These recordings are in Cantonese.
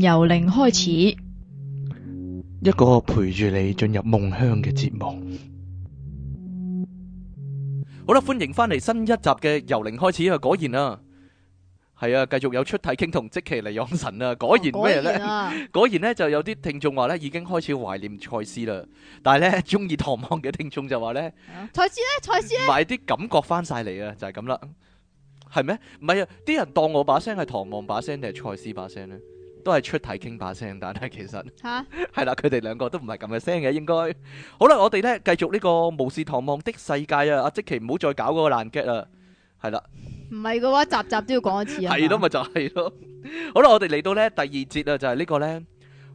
由零開始，一個陪住你進入夢鄉嘅節目。好啦，歡迎翻嚟新一集嘅由零開始啊！果然啊，係啊，繼續有出體傾同即期嚟養神啊！果然咩咧？果然呢、啊，果然就有啲聽眾話咧已經開始懷念賽斯啦，但係咧中意唐望嘅聽眾就話咧賽斯咧，賽斯咧，同埋啲感覺翻晒嚟啊！就係咁啦，係咩？唔係啊！啲人當我把聲係唐望把聲定係賽斯把聲咧？都係出題傾把聲，但係其實吓係啦，佢哋哈 兩個都唔係咁嘅聲嘅，應該好啦。我哋咧繼續呢個巫士唐望的世界啊！阿即期唔好再搞嗰個爛 gag 啦，係啦，唔係嘅話集集都要講一次啊，係咯咪就係、是、咯。 好啦，我哋嚟到咧第二節啊，就係、是、呢個咧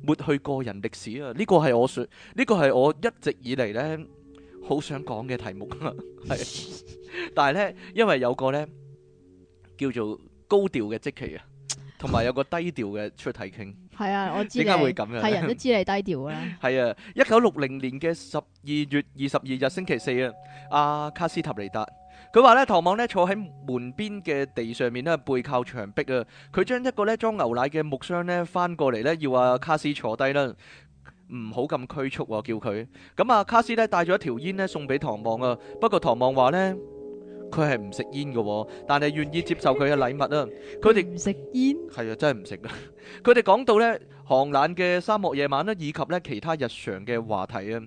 抹去個人歷史啊，呢、這個係我說，呢、這個係我一直以嚟咧好想講嘅題目啊，係。 但係咧，因為有個咧叫做高調嘅即期啊。同埋有個低調嘅出題傾，係 啊，我知點解會咁樣，係人都知你低調 啊。啦。係啊，一九六零年嘅十二月二十二日星期四啊，阿卡斯塔尼達，佢話咧，唐望咧坐喺門邊嘅地上面咧，背靠牆壁啊，佢將一個咧裝牛奶嘅木箱咧翻過嚟咧，要阿卡斯坐低啦，唔好咁拘束啊，叫佢。咁啊，卡斯咧、啊啊啊、帶咗一條煙咧送俾唐望啊，不過唐望話咧。佢係唔食煙嘅，但係願意接受佢嘅禮物啊。佢哋唔食煙，係啊，真係唔食啦。佢哋講到咧，寒冷嘅沙漠夜晚啦，以及咧其他日常嘅話題啊。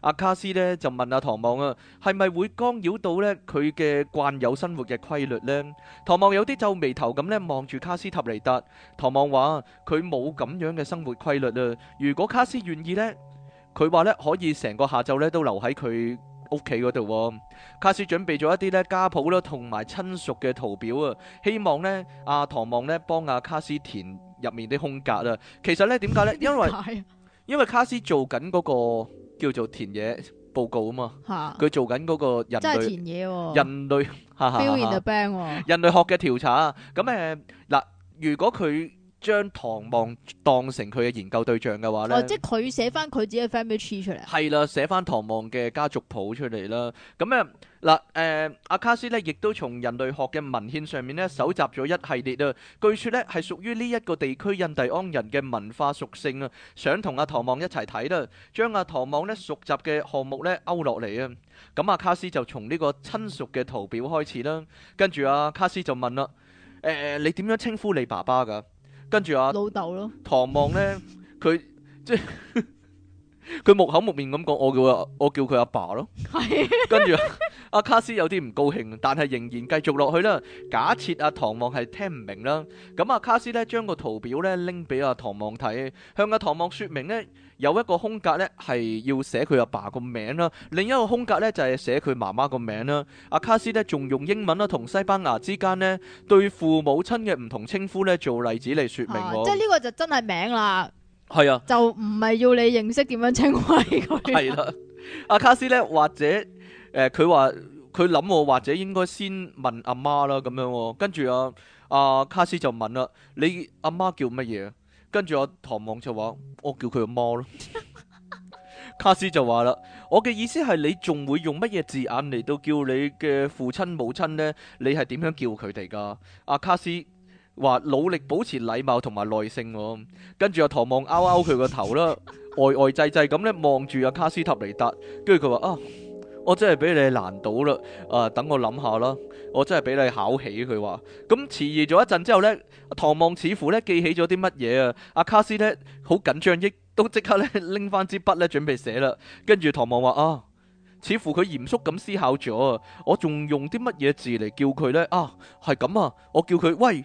阿卡斯咧就問阿唐望啊，係咪會干擾到咧佢嘅慣有生活嘅規律咧？唐望有啲皺眉頭咁咧，望住卡斯塔尼達。唐望話：佢冇咁樣嘅生活規律啦。如果卡斯願意咧，佢話咧可以成個下晝咧都留喺佢屋企嗰度，卡斯準備咗一啲咧家譜啦，同埋親屬嘅圖表啊，希望咧阿唐望咧幫阿卡斯填入面啲空格啊。其實咧點解咧？因為因為卡斯做緊嗰個叫做田野報告啊嘛，佢做緊嗰個人類人類，哈哈，behavior band，人類學嘅調查啊。咁誒嗱，如果佢將唐望當成佢嘅研究對象嘅話咧，哦，即係佢寫翻佢自己嘅 family tree 出嚟係啦，寫翻唐望嘅家族譜出嚟啦。咁，呃、啊嗱，誒阿卡斯咧，亦都從人類學嘅文獻上面咧搜集咗一系列啊。據說咧係屬於呢一個地區印第安人嘅文化屬性啊。想同阿唐望一齊睇啦，將阿，啊、唐望呢熟習嘅項目咧勾落嚟啊。咁阿卡斯就從呢個親屬嘅圖表開始啦。跟住阿，啊、卡斯就問啦：誒、啊，你點樣稱呼你爸爸噶？跟住啊，老豆咯，唐望咧，佢即係。佢木口木面咁講，我叫我叫佢阿爸爸咯。 跟住阿、啊、卡斯有啲唔高興，但係仍然繼續落去啦。假設阿唐望係聽唔明啦，咁、啊、阿卡斯咧將個圖表咧拎俾阿唐望睇，向阿唐望說明呢有一個空格咧係要寫佢阿爸個名啦，另一個空格咧就係寫佢媽媽個名啦。阿、啊、卡斯咧仲用英文啦同西班牙之間呢對父母親嘅唔同稱呼咧做例子嚟說明。啊、即係呢個就真係名啦。係啊，就唔係要你認識點樣稱呼佢。係、啊、啦，阿卡斯咧，或者誒，佢話佢諗我，或者應該先問阿媽啦咁樣、哦。跟住阿阿卡斯就問啦：你阿媽，媽叫乜嘢？跟住阿唐望就話：我叫佢阿媽咯、 啊。卡斯就話啦：我嘅意思係你仲會用乜嘢字眼嚟到，叫你嘅父親母親咧？你係點樣叫佢哋噶？阿卡斯。話努力保持禮貌同埋耐性、啊，跟住阿、啊、唐望勾勾佢個頭啦，呆呆滯滯咁咧望住阿卡斯塔尼達，跟住佢話啊，我真係俾你難倒啦，啊等我諗下啦，我真係俾你考起、啊，佢話咁遲疑咗一陣之後咧，唐望似乎咧記起咗啲乜嘢啊，阿卡斯咧好緊張，亦都即刻咧拎翻支筆咧準備寫啦，跟住唐望話啊，似乎佢嚴肅咁思考咗，我仲用啲乜嘢字嚟叫佢咧？啊係咁啊，我叫佢喂。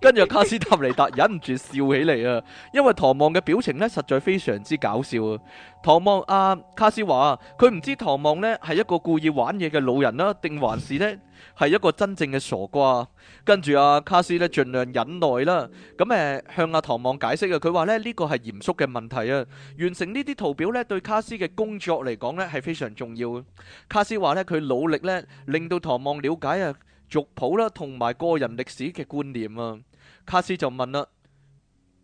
跟住 卡斯塔尼達忍唔住笑起嚟啊，因為唐望嘅表情呢實在非常之搞笑啊！唐望啊，卡斯話：佢唔知唐望呢係一個故意玩嘢嘅老人啦，定還是呢係一個真正嘅傻瓜？跟住啊，卡斯呢盡量忍耐啦，咁、啊、誒向阿、啊、唐望解釋啊。佢話呢呢、呢個係嚴肅嘅問題啊，完成呢啲圖表呢對卡斯嘅工作嚟講呢係非常重要啊！卡斯話呢，佢努力呢令到唐望了解啊。族譜啦，同埋、啊、個人歷史嘅觀念啊，卡斯就問啦、啊，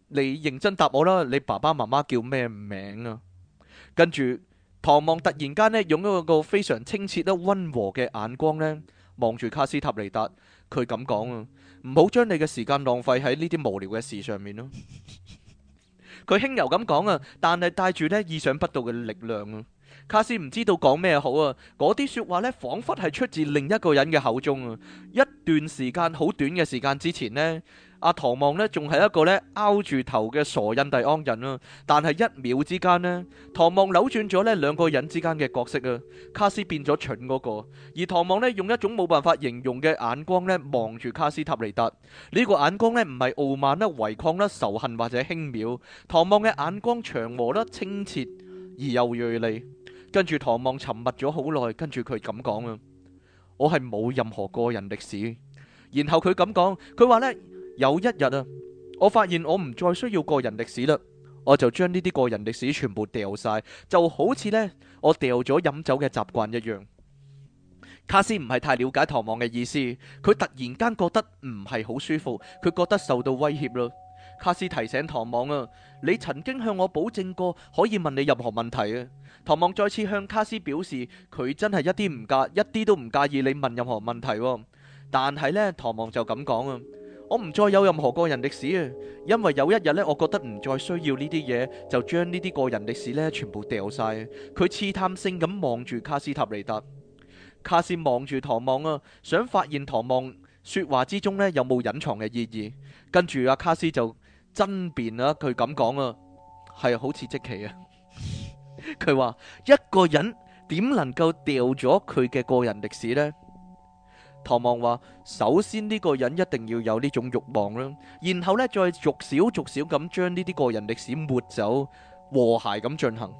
你認真答我啦，你爸爸媽媽叫咩名啊？跟住唐望突然間呢，用一個非常清澈得溫和嘅眼光呢，望住卡斯塔尼達，佢咁講啊，唔好將你嘅時間浪費喺呢啲無聊嘅事上面咯、啊。佢輕 柔咁講啊，但係帶住呢意想不到嘅力量啊。卡斯唔知道講咩好啊！嗰啲說話呢，仿佛係出自另一個人嘅口中啊！一段時間好短嘅時間之前呢，阿、啊、唐望呢仲係一個呢拗住頭嘅傻印第安人啊。但係一秒之間呢，唐望扭轉咗呢兩個人之間嘅角色啊！卡斯變咗蠢嗰、那個，而唐望呢用一種冇辦法形容嘅眼光呢望住卡斯塔尼達，呢個眼光呢唔係傲慢啦、違抗啦、仇恨或者輕蔑。唐望嘅眼光祥和啦、清澈而又銳利。跟住唐望沉默咗好耐，跟住佢咁講啊，我係冇任何個人歷史。然後佢咁講，佢話呢有一日啊，我發現我唔再需要個人歷史啦，我就將呢啲個人歷史全部掉晒，就好似呢我掉咗飲酒嘅習慣一樣。卡斯唔係太了解唐望嘅意思，佢突然間覺得唔係好舒服，佢覺得受到威脅咯。卡斯提醒唐望啊，你曾經向我保證過可以問你任何問題啊。唐望再次向卡斯表示，佢真係一啲唔介，一啲都唔介意你問任何問題啊。但係呢，唐望就咁講啊，我唔再有任何個人歷史啊，因為有一日呢，我覺得唔再需要呢啲嘢，就將呢啲個人歷史呢全部掉晒。佢試探性咁望住卡斯塔利達，卡斯望住唐望啊，想發現唐望說話之中呢有冇隱藏嘅意義。跟住阿卡斯就。爭辯啊，佢咁講啊，係好似即期啊。佢話一個人點能夠掉咗佢嘅個人歷史呢？唐望話：首先呢個人一定要有呢種欲望啦，然後呢再逐少逐少咁將呢啲個人歷史抹走，和諧咁進行。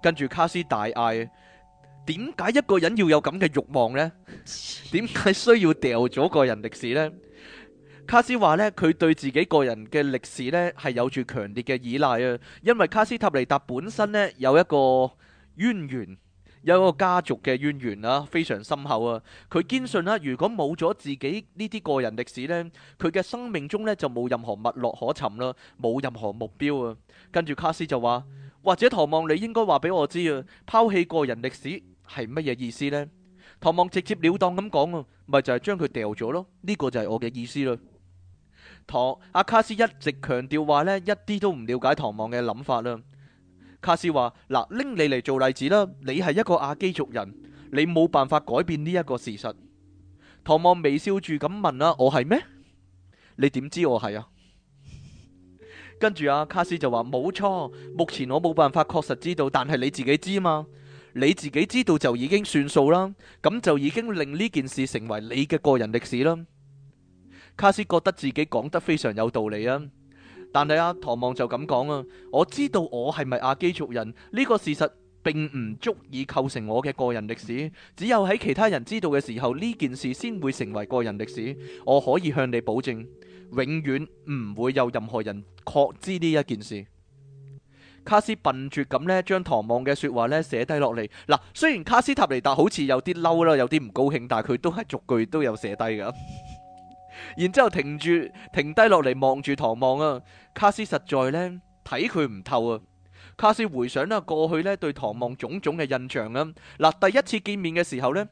跟住卡斯大嗌：點解一個人要有咁嘅欲望呢？點解需要掉咗個人歷史呢？卡斯話呢，佢對自己個人嘅歷史呢係有住強烈嘅依賴啊，因為卡斯塔尼達本身呢，有一個淵源，有一個家族嘅淵源啊，非常深厚啊。佢堅信啦，如果冇咗自己呢啲個人歷史呢，佢嘅生命中呢就冇任何脈絡可尋啦，冇任何目標啊。跟住卡斯就話，或者唐望你應該話俾我知啊，拋棄個人歷史係乜嘢意思呢？唐望直接了當咁講啊，咪就係將佢掉咗咯，呢個就係我嘅意思啦。阿、啊、卡斯一直強調話呢，一啲都唔了解唐望嘅諗法啦。卡斯話：嗱，拎你嚟做例子啦，你係一個阿基族人，你冇辦法改變呢一個事實。唐望微笑住咁問啦、啊：我係咩？你點知我係啊？跟住阿、啊、卡斯就話：冇錯，目前我冇辦法確實知道，但係你自己知嘛。你自己知道就已經算數啦，咁就已經令呢件事成為你嘅個人歷史啦。卡斯覺得自己講得非常有道理啊，但係阿唐望就咁講啊，我知道我係咪阿基族人呢個事實，並唔足以構成我嘅個人歷史，只有喺其他人知道嘅時候，呢件事先會成為個人歷史。我可以向你保證，永遠唔會有任何人確知呢一件事。卡斯笨拙咁呢，將唐望嘅說話呢寫低落嚟。嗱，雖然卡斯塔尼達好似有啲嬲啦，有啲唔高興，但係佢都係逐句都有寫低噶。然之後停住，停低落嚟望住唐望啊！卡斯實在呢，睇佢唔透啊！卡斯回想啦過去呢對唐望種種嘅印象啊，嗱第一次見面嘅時候呢，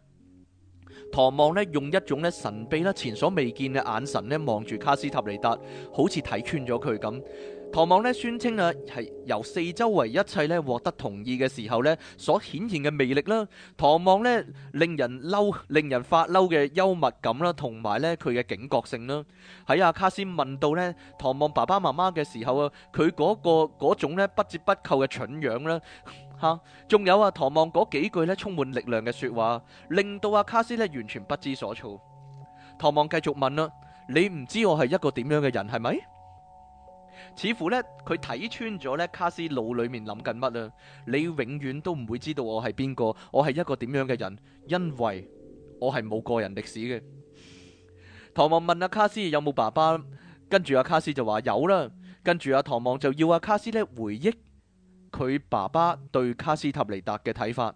唐望呢用一種呢神秘啦前所未見嘅眼神呢望住卡斯塔尼達，好似睇穿咗佢咁。唐望咧宣稱啊，係由四周圍一切咧獲得同意嘅時候咧，所顯現嘅魅力啦。唐望咧令人嬲、令人發嬲嘅幽默感啦，同埋咧佢嘅警覺性啦。喺阿卡斯問到咧唐望爸爸媽媽嘅時候啊，佢嗰個嗰種咧不折不扣嘅蠢樣啦，吓，仲有啊唐望嗰幾句咧充滿力量嘅說話，令到阿卡斯咧完全不知所措。唐望繼續問啦：你唔知我係一個點樣嘅人係咪？似乎呢，佢睇穿咗呢卡斯腦裏面諗緊乜啊？你永遠都唔會知道我係邊個，我係一個點樣嘅人，因為我係冇個人歷史嘅。唐望問阿、啊、卡斯有冇爸爸，跟住阿卡斯就話有啦。跟住阿唐望就要阿卡斯呢回憶佢爸爸對卡斯塔尼達嘅睇法，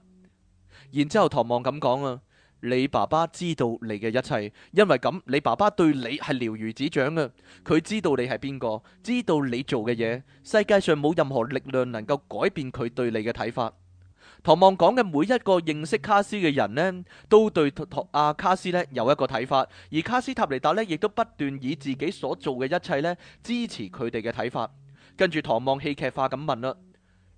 然之後唐望咁講啊。你爸爸知道你嘅一切，因為咁你爸爸對你係了如指掌嘅，佢知道你係邊個，知道你做嘅嘢。世界上冇任何力量能夠改變佢對你嘅睇法。唐望講嘅每一個認識卡斯嘅人呢，都對托阿、啊、卡斯呢有一個睇法，而卡斯塔尼達呢亦都不斷以自己所做嘅一切呢支持佢哋嘅睇法。跟住唐望戲劇化咁問啦。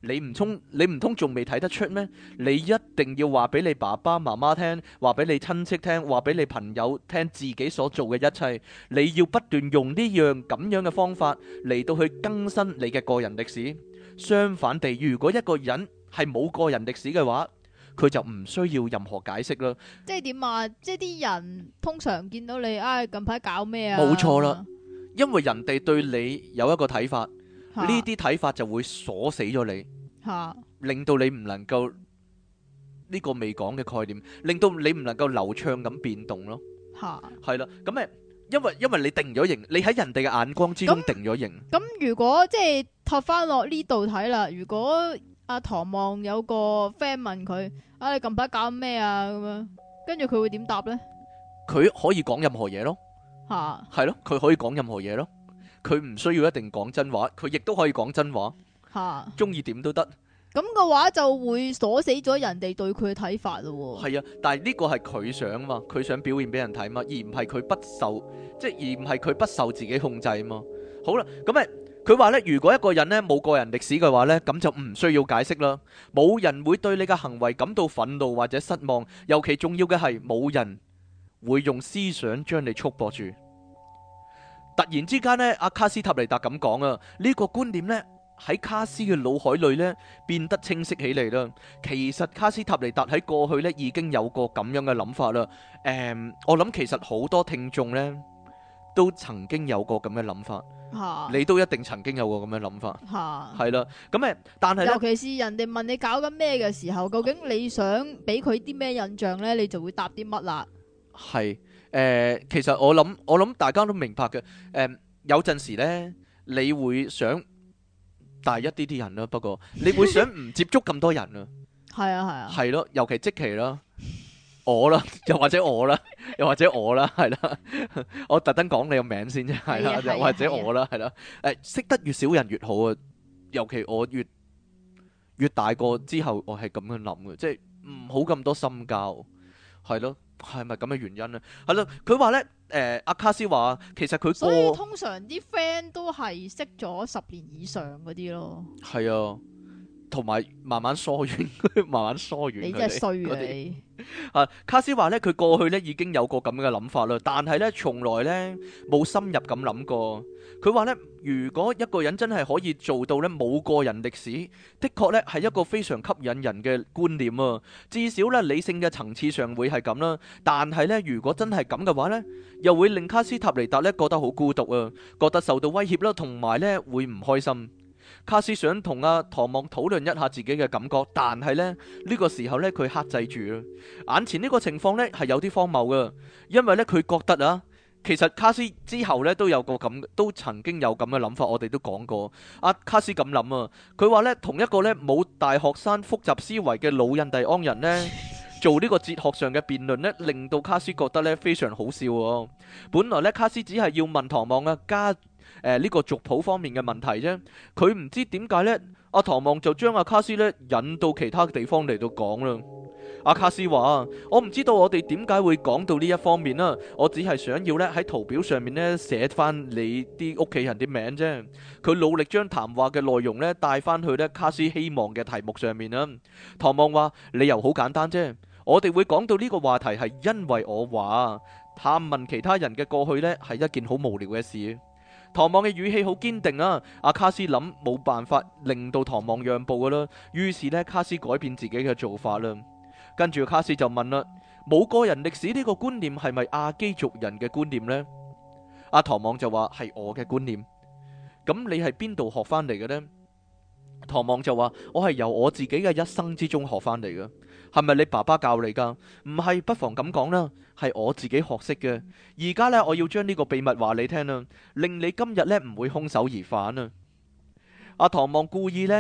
你唔通你唔通仲未睇得出咩？你一定要話俾你爸爸媽媽聽，話俾你親戚聽，話俾你朋友聽，自己所做嘅一切。你要不斷用呢樣咁樣嘅方法嚟到去更新你嘅個人歷史。相反地，如果一個人係冇個人歷史嘅話，佢就唔需要任何解釋啦。即係點啊？即係啲人通常見到你，唉，近排搞咩啊？冇錯啦，因為人哋對你有一個睇法。呢啲睇法就會鎖死咗你，令到你唔能夠呢個未講嘅概念，令到你唔能夠流暢咁變動咯。係啦，咁咪因為因為你定咗型，你喺人哋嘅眼光之中定咗型。咁如果即係托翻落呢度睇啦，如果阿唐望有個 friend 問佢，啊，你近排搞緊咩啊？咁樣，跟住佢會點答咧？佢可以講任何嘢咯。係咯，佢可以講任何嘢咯。佢唔需要一定講真話，佢亦都可以講真話。吓，中意點都得。咁嘅話就會鎖死咗人哋對佢嘅睇法咯。係啊，但係呢個係佢想啊嘛，佢想表現俾人睇嘛，而唔係佢不受，即係而唔係佢不受自己控制啊嘛。好啦，咁啊，佢話咧，如果一個人咧冇個人歷史嘅話咧，咁就唔需要解釋啦。冇人會對你嘅行為感到憤怒或者失望，尤其重要嘅係冇人會用思想將你束縛住。突然之間咧，阿卡斯塔尼達咁講啊，呢個觀點咧喺卡斯嘅腦海裏咧變得清晰起嚟啦。其實卡斯塔尼達喺過去咧已經有過咁樣嘅諗法啦。誒，我諗其實好多聽眾咧都曾經有過咁嘅諗法。吓，你都一定曾經有過咁樣諗法。吓，係啦。咁誒，但係尤其是人哋問你搞緊咩嘅時候，究竟你想俾佢啲咩印象咧，你就會答啲乜啦？係。誒，其實我諗我諗大家都明白嘅。誒、嗯，有陣時咧，你會想大一啲啲人咯，不過你會想唔接觸咁多人啊。係啊， 係啊。係咯，尤其即期啦，我啦，又或者我啦， 又或者我啦，係啦、er。我特登講你個名先啫，係啦， 又或者我啦，係啦。誒，識得越少人越好啊。尤其我越越大個之後，我係咁樣諗嘅，即係唔好咁多深交，係咯。係咪咁嘅原因咧？係咯，佢話咧，誒、呃、阿卡斯話其實佢個，所以通常啲 friend 都係識咗十年以上嗰啲咯。係、嗯、啊。同埋慢慢疏遠，慢慢疏遠。你真係衰啊！你啊， 卡斯話咧，佢過去咧已經有個咁嘅諗法啦，但係咧從來咧冇深入咁諗過。佢話咧，如果一個人真係可以做到咧冇個人歷史，的確咧係一個非常吸引人嘅觀念啊。至少咧理性嘅層次上會係咁啦。但係咧，如果真係咁嘅話咧，又會令卡斯塔尼達咧覺得好孤獨啊，覺得受到威脅啦，同埋咧會唔開心。卡斯想同阿、啊、唐望討論一下自己嘅感覺，但係呢，呢、呢個時候呢，佢克制住。眼前呢個情況呢，係有啲荒謬嘅，因為呢，佢覺得啊，其實卡斯之後呢，都有個咁，都曾經有咁嘅諗法，我哋都講過。阿、啊、卡斯咁諗啊，佢話呢，同一個呢冇大學生複雜思維嘅老印第安人呢，做呢個哲學上嘅辯論呢，令到卡斯覺得呢，非常好笑。本來呢，卡斯只係要問唐望啊加。誒，呢、呃，這個族譜方面嘅問題啫。佢唔知點解呢，阿唐望就將阿卡斯呢引到其他地方嚟到講啦。阿卡斯話：我唔知道我哋點解會講到呢一方面啦。我只係想要呢喺圖表上面呢寫翻你啲屋企人啲名啫。佢努力將談話嘅內容呢帶翻去呢卡斯希望嘅題目上面啦。唐望話：理由好簡單啫，我哋會講到呢個話題係因爲我話探問其他人嘅過去呢係一件好無聊嘅事。唐望嘅語氣好堅定啊！阿卡斯諗冇辦法令到唐望讓步噶啦，於是呢，卡斯改變自己嘅做法啦。跟住卡斯就問啦：冇個人歷史呢個觀念係咪亞基族人嘅觀念呢？啊，阿唐望就話：係我嘅觀念。咁你係邊度學翻嚟嘅呢？唐望就話：我係由我自己嘅一生之中學翻嚟嘅。係咪你爸爸教你噶？唔係，不妨咁講啦。係我自己學識嘅，而家呢，我要將呢個秘密話你聽啊，令你今日呢唔會空手而返啊！阿唐望故意呢，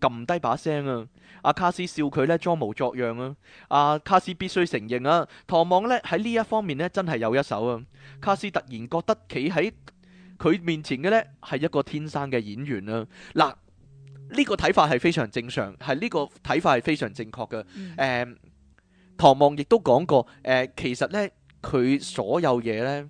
撳低把聲啊！阿、啊、卡斯笑佢呢裝模作樣啊！阿、啊、卡斯必須承認啊，唐望呢喺呢一方面呢真係有一手啊！卡斯突然覺得企喺佢面前嘅呢係一個天生嘅演員啊。嗱，呢、這個睇法係非常正常，係呢個睇法係非常正確嘅。誒、嗯。Uh, 唐望亦都講過，誒、呃、其實咧佢所有嘢咧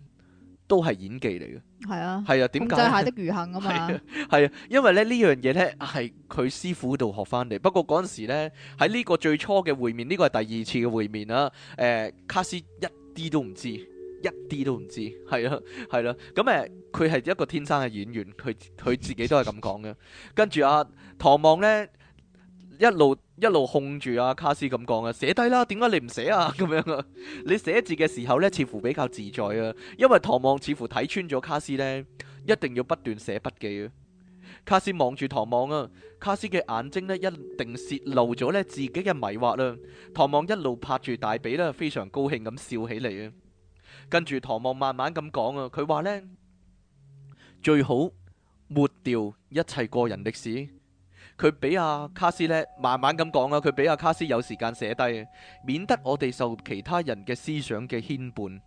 都係演技嚟嘅。係啊，係啊，點解？控制下的愚行啊嘛。係 啊，啊，因為咧呢樣嘢咧係佢師傅度學翻嚟。不過嗰陣時咧喺呢個最初嘅會面，呢、這個係第二次嘅會面啦。誒、呃，卡斯一啲都唔知，一啲都唔知。係啊，係啦、啊。咁、嗯、誒，佢、呃、係一個天生嘅演員，佢佢自己都係咁講嘅。 跟住啊，唐望咧一路。一路控住阿、啊、卡斯咁講啊，寫低啦，點解你唔寫啊？咁樣啊， 你寫字嘅時候呢，似乎比較自在啊，因為唐望似乎睇穿咗卡斯呢，一定要不斷寫筆記啊。卡斯望住唐望啊，卡斯嘅眼睛呢，一定泄露咗呢自己嘅迷惑啦、啊。唐望一路拍住大髀啦，非常高興咁笑起嚟啊。跟住唐望慢慢咁講啊，佢話呢：「最好抹掉一切個人歷史。」佢俾阿卡斯呢，慢慢咁講啊。佢俾阿卡斯有時間寫低，免得我哋受其他人嘅思想嘅牽絆。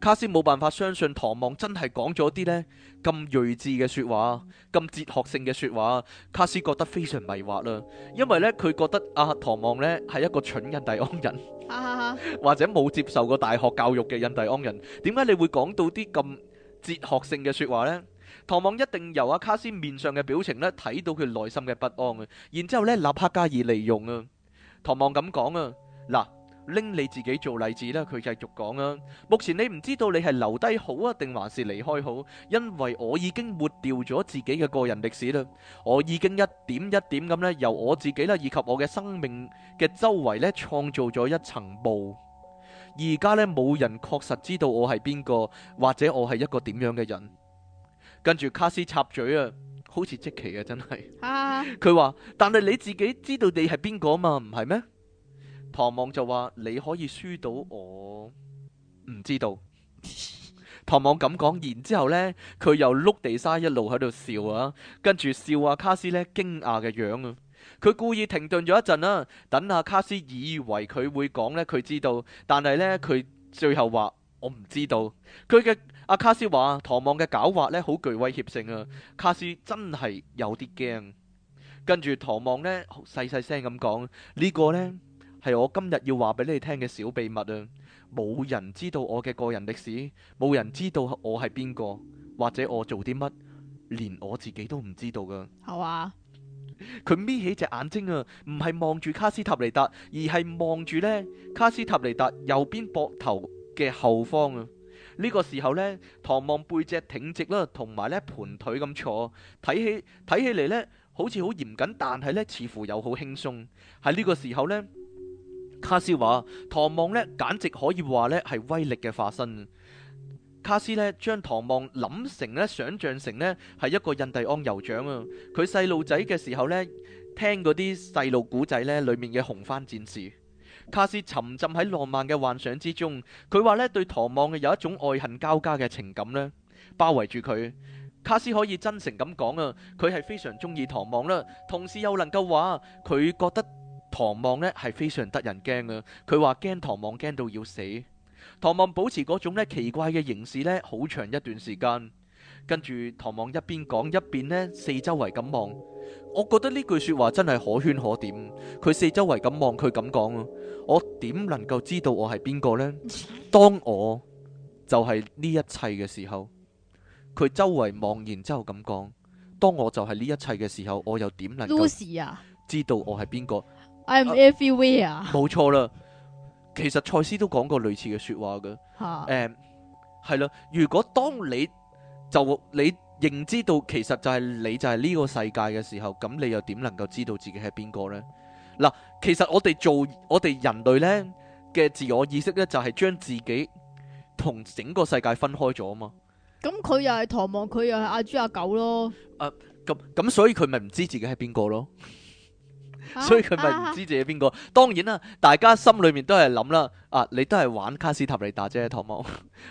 卡斯冇辦法相信唐望真係講咗啲呢咁睿智嘅說話，咁哲學性嘅說話。卡斯覺得非常迷惑啦，因為呢，佢覺得阿、啊、唐望呢係一個蠢印第安人， 或者冇接受過大學教育嘅印第安人，點解你會講到啲咁哲學性嘅說話呢？唐望一定由阿卡斯面上嘅表情咧睇到佢內心嘅不安啊，然之後咧立刻加以利用啊。唐望咁講啊，嗱，拎，你自己做例子啦，佢繼續講啊。目前你唔知道你係留低好啊，定還是離開好？因為我已經抹掉咗自己嘅個人歷史啦，我已經一點一點咁呢，由我自己啦以及我嘅生命嘅周圍呢，創造咗一層霧，而家呢，冇人確實知道我係邊個，或者我係一個點樣嘅人。跟住卡斯插嘴啊，好似即奇啊，真係。佢 話：但係你自己知道你係邊個啊嘛，唔係咩？唐望就話：你可以輸到我唔知道。唐 望咁講，然之後咧，佢又碌地沙一路喺度笑啊，跟住笑啊。卡斯呢驚訝嘅樣啊，佢故意停頓咗一陣啊，等啊卡斯以為佢會講呢，佢知道，但係呢，佢最後話：我唔知道。佢嘅阿卡斯話：唐望嘅狡猾呢，好具威脅性啊！卡斯真係有啲驚。跟住唐望呢，細細聲咁講：呢個呢，係我今日要話俾你聽嘅小秘密啊！冇人知道我嘅個人歷史，冇人知道我係邊個，或者我做啲乜，連我自己都唔知道噶。係啊！佢眯起隻眼睛啊，唔係望住卡斯塔尼達，而係望住呢卡斯塔尼達右邊膊頭嘅後方啊！呢個時候呢，唐望背脊挺直啦，同埋呢盤腿咁坐，睇起睇起嚟呢，好似好嚴謹，但係呢，似乎又好輕鬆。喺呢個時候呢，卡斯話唐望呢，簡直可以話呢係威力嘅化身。卡斯呢，將唐望諗成呢，想像成呢，係一個印第安酋長啊。佢細路仔嘅時候呢，聽嗰啲細路古仔呢裏面嘅紅番戰士。卡斯沉浸喺浪漫嘅幻想之中，佢話咧對唐望嘅有一種愛恨交加嘅情感呢包圍住佢。卡斯可以真誠咁講啊，佢係非常中意唐望啦，同時又能夠話佢覺得唐望咧係非常得人驚啊。佢話驚唐望驚到要死。唐望保持嗰種咧奇怪嘅形式呢好長一段時間。跟住唐望一邊講一邊呢，四周圍咁望，我覺得呢句說話真係可圈可點。佢四周圍咁望，佢咁講啊。我點能夠知道我係邊個呢？當我就係呢一切嘅時候，佢周圍望完之後咁講：當我就係呢一切嘅時候，我又點能夠知道我係邊個？I'm everywhere、啊。冇錯啦，其實蔡斯都講過類似嘅說話嘅。誒 Huh.、嗯，係咯。如果當你就你認知到其實就係你就係呢個世界嘅時候，咁你又點能夠知道自己係邊個呢？嗱，其實我哋做我哋人類呢嘅自我意識呢，就係、是、將自己同整個世界分開咗啊嘛。咁佢又係唐望，佢又係阿豬阿狗咯。咁、啊、所以佢咪唔知自己係邊個咯？啊、 所以佢咪唔知自己邊個？啊、當然啦，大家心裏面都係諗啦。啊，你都係玩卡斯塔尼達啫，唐望，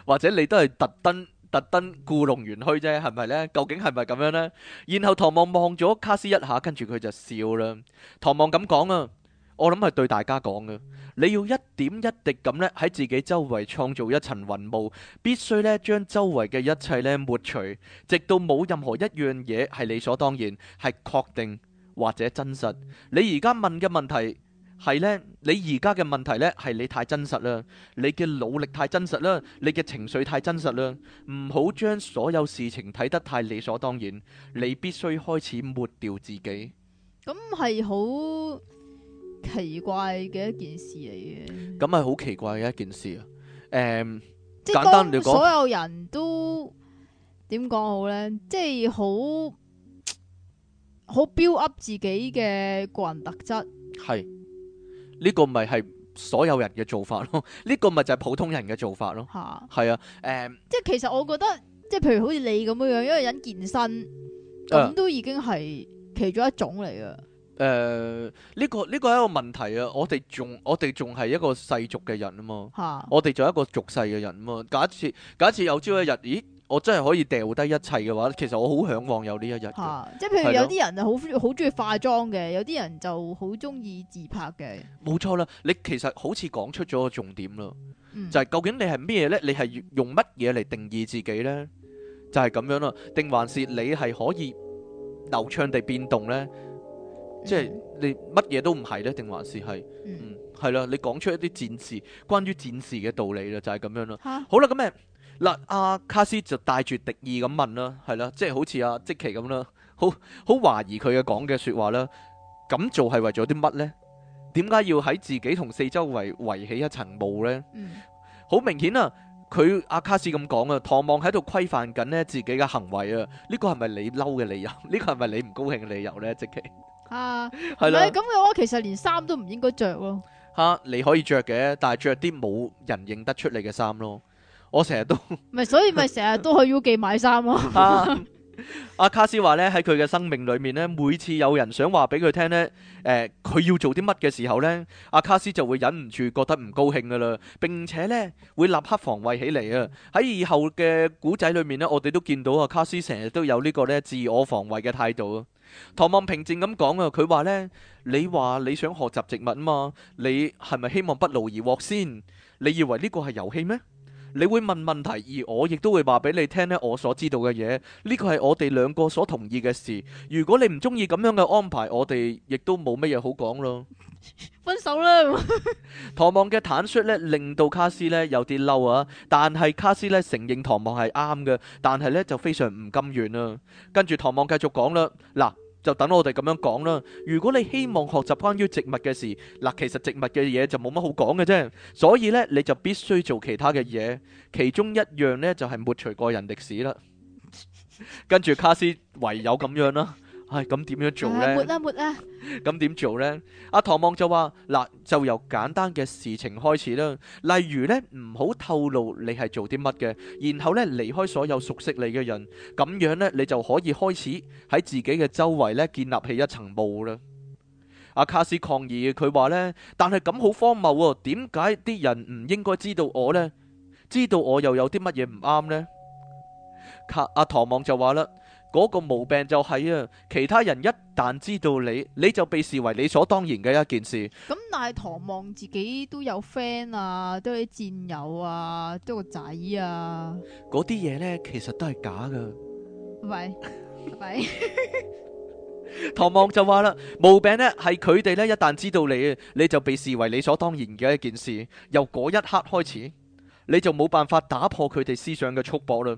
或者你都係特登。特登故弄玄虛啫，係咪呢？究竟係咪咁樣呢？然後唐望望咗卡斯一下，跟住佢就笑啦。唐望咁講啊，我諗係對大家講嘅。你要一點一滴咁咧，喺自己周圍創造一層雲霧，必須咧將周圍嘅一切咧抹除，直到冇任何一樣嘢係理所當然，係確定或者真實。你而家問嘅問題，係呢，你而家嘅問題呢，係你太真實啦，你嘅努力太真實啦，你嘅情緒太真實啦，唔好將所有事情睇得太理所當然。你必須開始抹掉自己。咁係好奇怪嘅一件事嚟嘅。咁係好奇怪嘅一件事啊！誒，即係所有人都點講好呢？即係好好標 up 自己嘅個人特質係。呢個咪係所有人嘅做法咯，呢、這個咪就係普通人嘅做法咯。嚇，係啊，誒、啊，嗯、即係其實我覺得，即係譬如好似你咁樣一個人健身，咁、啊、都已經係其中一種嚟嘅。誒、啊，呢、這個呢、這個係一個問題啊！我哋仲我哋仲係一個世俗嘅人啊嘛，啊我哋仲係一個俗世嘅人啊嘛。假設假設有朝一日，咦？我真係可以掉低一切嘅話，其實我好嚮往有呢一日，啊。即係譬如有啲人，是的 人就好好中意化妝嘅，有啲人就好中意自拍嘅。冇錯啦，你其實好似講出咗個重點咯，嗯、就係究竟你係咩呢？你係用乜嘢嚟定義自己呢？就係、是、咁樣咯，定還是你係可以流暢地變動呢？即、就、係、是、你乜嘢都唔係呢？定還是係？嗯，嗯，係啦，你講出一啲戰士關於戰士嘅道理啦，就係、是、咁樣啦。哈好啦，咁誒。嗱，阿、啊、卡斯就帶住敵意咁問啦，係啦，即係好似阿、啊、即奇咁啦，好好懷疑佢嘅講嘅說話啦，咁做係為咗啲乜呢？點解要喺自己同四周圍圍起一層霧呢？好、嗯、明顯啊，佢阿、啊、卡斯咁講啊，唐望喺度規範緊呢自己嘅行為啊，呢個係咪你嬲嘅理由？呢個係咪你唔高興嘅理由呢？即奇？啊，唔係咁嘅話，啊哎、其實連衫都唔應該着咯。吓、啊，你可以着嘅，但係着啲冇人認得出你嘅衫咯。我成日都唔 係、啊，所以咪成日都去 U G 買衫咯。阿卡斯話呢，喺佢嘅生命裏面呢，每次有人想話俾佢聽呢，誒、呃，佢要做啲乜嘅時候呢，阿、啊、卡斯就會忍唔住覺得唔高興噶啦，並且呢，會立刻防衛起嚟啊。喺以後嘅古仔裏面呢，我哋都見到阿、啊、卡斯成日都有個呢個呢自我防衛嘅態度啊。唐望平靜咁講啊，佢話呢：「你話你想學習植物啊嘛，你係咪希望不勞而獲先？你以為呢個係遊戲咩？」你會問問題，而我亦都會話俾你聽呢，我所知道嘅嘢，呢個係我哋兩個所同意嘅事。如果你唔中意咁樣嘅安排，我哋亦都冇乜嘢好講咯。分手啦！ 唐望嘅坦率咧，令到卡斯咧有啲嬲啊，但係卡斯咧承認唐望係啱嘅，但係呢就非常唔甘願啊。跟住唐望繼續講啦，嗱。就等我哋咁樣講啦。如果你希望學習關於植物嘅事，嗱，其實植物嘅嘢，就冇乜好講嘅啫。所以呢，你就必須做其他嘅嘢，其中一樣呢，就係抹除個人歷史啦。 跟住卡斯唯有咁樣啦。係咁點樣做呢？抹啦抹啦！咁點做呢？阿唐望就話：嗱，就由簡單嘅事情開始啦。例如呢，唔好透露你係做啲乜嘅，然後呢離開所有熟悉你嘅人，咁樣呢你就可以開始喺自己嘅周圍呢建立起一層霧啦。阿卡斯抗議，佢話呢：但係咁好荒謬喎，點解啲人唔應該知道我呢？知道我又有啲乜嘢唔啱呢？卡阿唐望就話啦。嗰個毛病就係啊，其他人一旦知道你，你就被視為理所當然嘅一件事。咁但係唐望自己都有 friend 啊，都有啲戰友啊，都有個仔啊。嗰啲嘢呢，其實都係假噶。喂，拜拜。唐望就話啦，毛病呢係佢哋呢一旦知道你，你就被視為理所當然嘅一件事。由嗰一刻開始，你就冇辦法打破佢哋思想嘅束縛啦。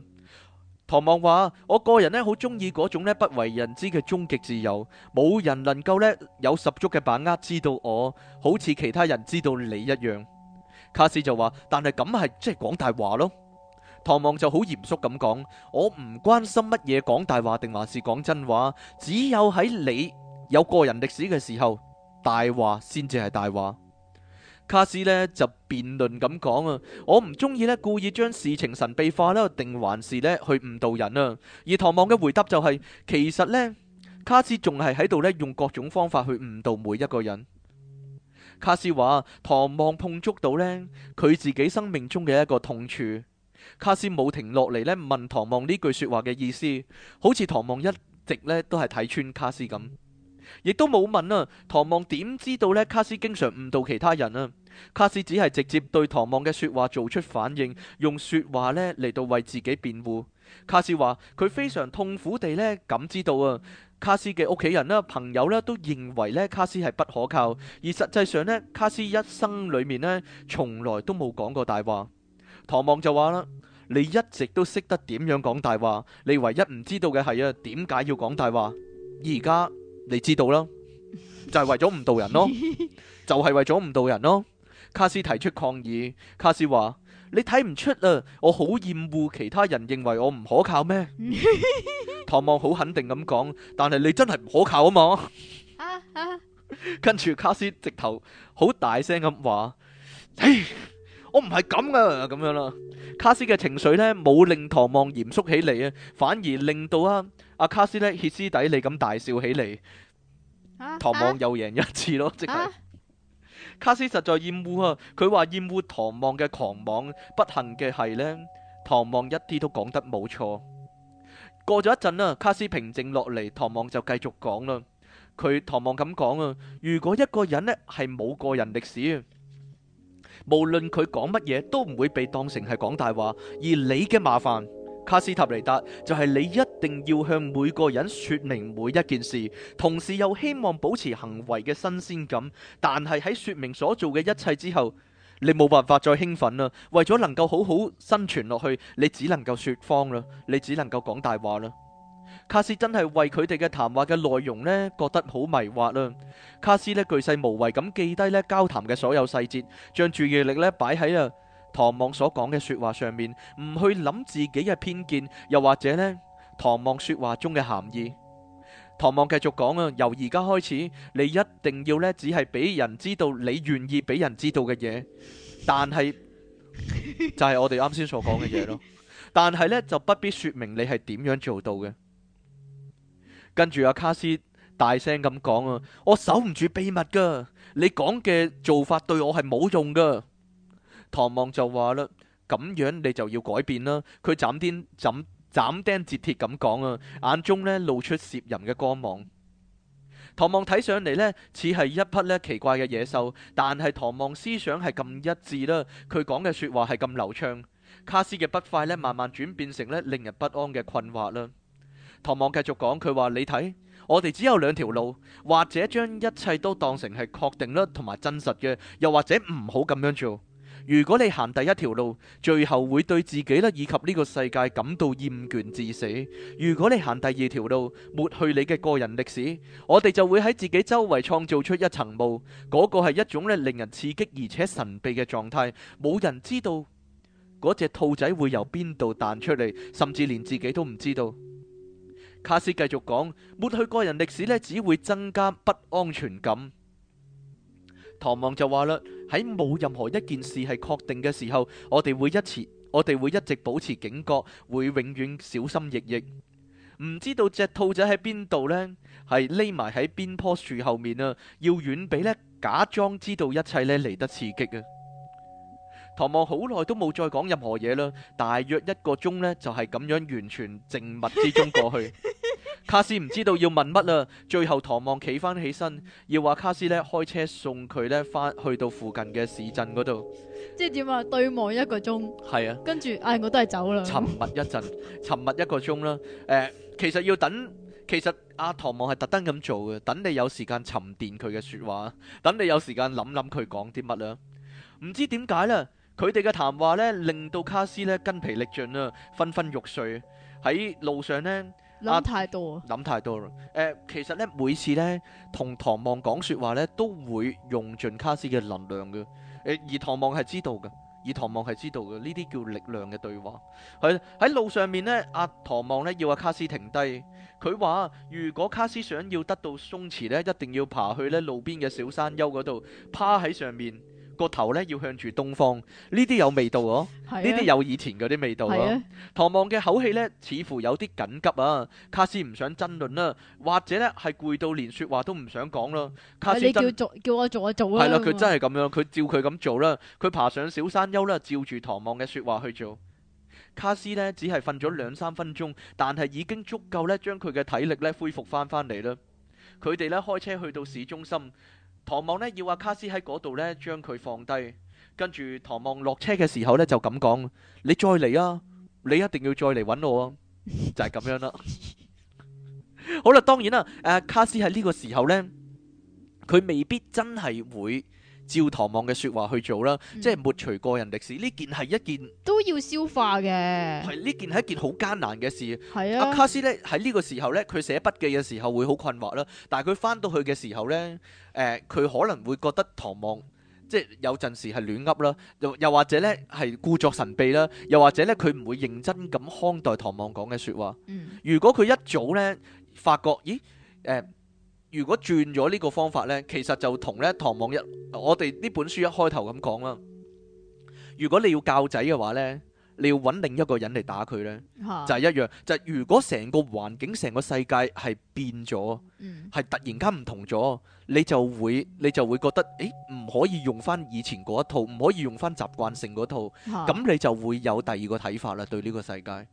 唐望話：我個人呢，好中意嗰種呢不為人知嘅終極自由，冇人能夠呢有十足嘅把握知道我，好似其他人知道你一樣。卡斯就話：但係咁係即係講大話咯。唐望就好嚴肅咁講：我唔關心乜嘢講大話定還是講真話，只有喺你有個人歷史嘅時候，大話先至係大話。卡斯呢就辯論咁講啊，我唔中意呢故意將事情神秘化啦，定還是呢去誤導人啊。而唐望嘅回答就係，其實呢，卡斯仲係喺度呢用各種方法去誤導每一個人。卡斯話唐望碰觸到呢佢自己生命中嘅一個痛處。卡斯冇停落嚟呢問唐望呢句說話嘅意思，好似唐望一直呢都係睇穿卡斯咁。亦都冇問啊。唐望點知道咧？卡斯經常誤導其他人啊。卡斯只係直接對唐望嘅說話做出反應，用說話咧嚟到為自己辯護。卡斯話佢非常痛苦地咧，咁知道啊。卡斯嘅屋企人啦、朋友咧，都認為咧卡斯係不可靠，而實際上咧，卡斯一生裏面咧，從來都冇講過大話。唐望就話啦：你一直都識得點樣講大話，你唯一唔知道嘅係啊，點解要講大話。而家？你知道啦，就係為咗誤導人咯，就係為咗誤導人咯。卡斯提出抗議，卡斯話：你睇唔出啊？我好厭惡其他人認為我唔可靠咩？唐望好肯定咁講，但係你真係唔可靠啊嘛？啊啊！跟住卡斯直頭好大聲咁話：誒，我唔係咁噶，咁樣啦。卡斯嘅情緒呢，冇令唐望嚴肅起嚟啊，反而令到啊。阿、啊、卡斯呢，歇斯底里咁大笑起嚟，唐望又贏一次咯，即係卡斯實在厭惡啊！佢話厭惡唐望嘅狂妄。不幸嘅係呢，唐望一啲都講得冇錯。過咗一陣啊，卡斯平靜落嚟，唐望就繼續講啦。佢唐望咁講啊，如果一個人呢，係冇個人歷史啊，無論佢講乜嘢都唔會被當成係講大話。而你嘅麻煩。卡斯塔尼達就係你一定要向每個人說明每一件事，同時又希望保持行為嘅新鮮感。但係喺說明所做嘅一切之後，你冇辦法再興奮啦。為咗能夠好好生存落去，你只能夠說謊啦，你只能夠講大話啦。卡斯真係為佢哋嘅談話嘅內容呢覺得好迷惑啦。卡斯呢巨細無遺咁記低呢交談嘅所有細節，將注意力呢擺喺啊。唐望所講嘅說話上面，唔去諗自己嘅偏見，又或者呢，唐望說話中嘅含義。唐望繼續講啊，由而家開始，你一定要呢，只係俾人知道你願意俾人知道嘅嘢，但係，就係我哋啱先所講嘅嘢咯。但係呢，就不必說明你係點樣做到嘅。跟住阿卡斯大聲咁講啊，我守唔住秘密噶，你講嘅做法對我係冇用噶唐望就話啦，咁樣你就要改變啦。佢斬釘斬斬釘截鐵咁講啊，眼中呢露出攝人嘅光芒。唐望睇上嚟呢似係一匹呢奇怪嘅野獸，但係唐望思想係咁一致啦，佢講嘅說話係咁流暢。卡斯嘅不快呢慢慢轉變成呢令人不安嘅困惑啦。唐望繼續講，佢話你睇我哋只有兩條路，或者將一切都當成係確定啦，同埋真實嘅，又或者唔好咁樣做。如果你行第一條路，最後會對自己咧，以及呢個世界感到厭倦至死；如果你行第二條路，抹去你嘅個人歷史，我哋就會喺自己周圍創造出一層霧。嗰個係一種咧，令人刺激而且神秘嘅狀態，冇人知道嗰隻兔仔會由邊度彈出嚟，甚至連自己都唔知道。卡斯繼續講，抹去個人歷史呢，只會增加不安全感。唐望就話啦，喺冇任何一件事係確定嘅時候，我哋會一直，我哋會一直保持警覺，會永遠小心翼翼。唔知道隻兔仔喺邊度呢？係匿埋喺邊棵樹後面啊，要遠比呢，假裝知道一切呢嚟得刺激啊！唐望好耐都冇再講任何嘢啦，大約一個鐘呢，就係咁樣完全靜默之中過去。 卡斯唔知道要問乜啦，最後唐望企翻起身，要話卡斯咧開車送佢咧翻去到附近嘅市鎮嗰度。即係點啊？對望一個鐘。係啊。跟住，唉，我都係走啦。沉默一陣，沉默一個鐘啦。誒、呃，其實要等，其實阿、啊、唐望係特登咁做嘅，等你有時間沉澱佢嘅說話，等你有時間諗諗佢講啲乜啦。唔知點解啦，佢哋嘅談話咧令到卡斯咧筋疲力盡啦、啊，昏昏欲睡喺路上呢。諗太多，諗、啊、太多啦。誒、呃，其實咧每次咧同唐望講說話咧，都會用盡卡斯嘅能量嘅。誒、呃，而唐望係知道嘅，而唐望係知道嘅呢啲叫力量嘅對話。喺喺路上面咧，阿、啊、唐望咧要阿、啊、卡斯停低。佢話如果卡斯想要得到鬆弛咧，一定要爬去咧路邊嘅小山丘嗰度趴喺上面。個頭咧要向住東方，呢啲有味道喎、啊，呢啲、啊、有以前嗰啲味道喎、啊。啊、唐望嘅口氣咧，似乎有啲緊急啊！卡斯唔想爭論啦、啊，或者咧係攰到連說話都唔想講啦。卡斯，你叫，叫我做我做啦。係啦、啊，佢真係咁樣，佢照佢咁做啦、啊。佢爬上小山丘咧，照住唐望嘅說話去做。卡斯呢只係瞓咗兩三分鐘，但係已經足夠咧，將佢嘅體力咧恢復翻翻嚟啦。佢哋咧開車去到市中心。唐望呢要阿、啊、卡斯喺嗰度呢將佢放低，跟住唐望落車嘅時候呢就咁講：你再嚟啊！你一定要再嚟揾我啊！就係、是、咁樣啦。 好啦，當然啦，誒、啊，卡斯喺呢個時候呢，佢未必真係會。照唐望嘅説話去做啦，即係抹除個人歷史呢、嗯、件係一件都要消化嘅，係呢件係一件好艱難嘅事。係、嗯、啊，卡斯咧喺呢個時候咧，佢寫筆記嘅時候會好困惑啦。但係佢翻到去嘅時候咧，誒、呃、佢可能會覺得唐望即係有陣時係亂噏啦，又又或者咧係故作神秘啦，又或者咧佢唔會認真咁看待唐望講嘅説話。嗯、如果佢一早咧發覺，咦誒？呃如果轉咗呢個方法呢，其實就同咧唐望一，我哋呢本書一開頭咁講啦。如果你要教仔嘅話呢，你要揾另一個人嚟打佢呢，就係一樣。就係如果成個環境、成個世界係變咗，係突然間唔同咗，你就會你就會覺得，誒，唔可以用翻以前嗰一套，唔可以用翻習慣性嗰套，咁你就會有第二個睇法啦。對呢個世界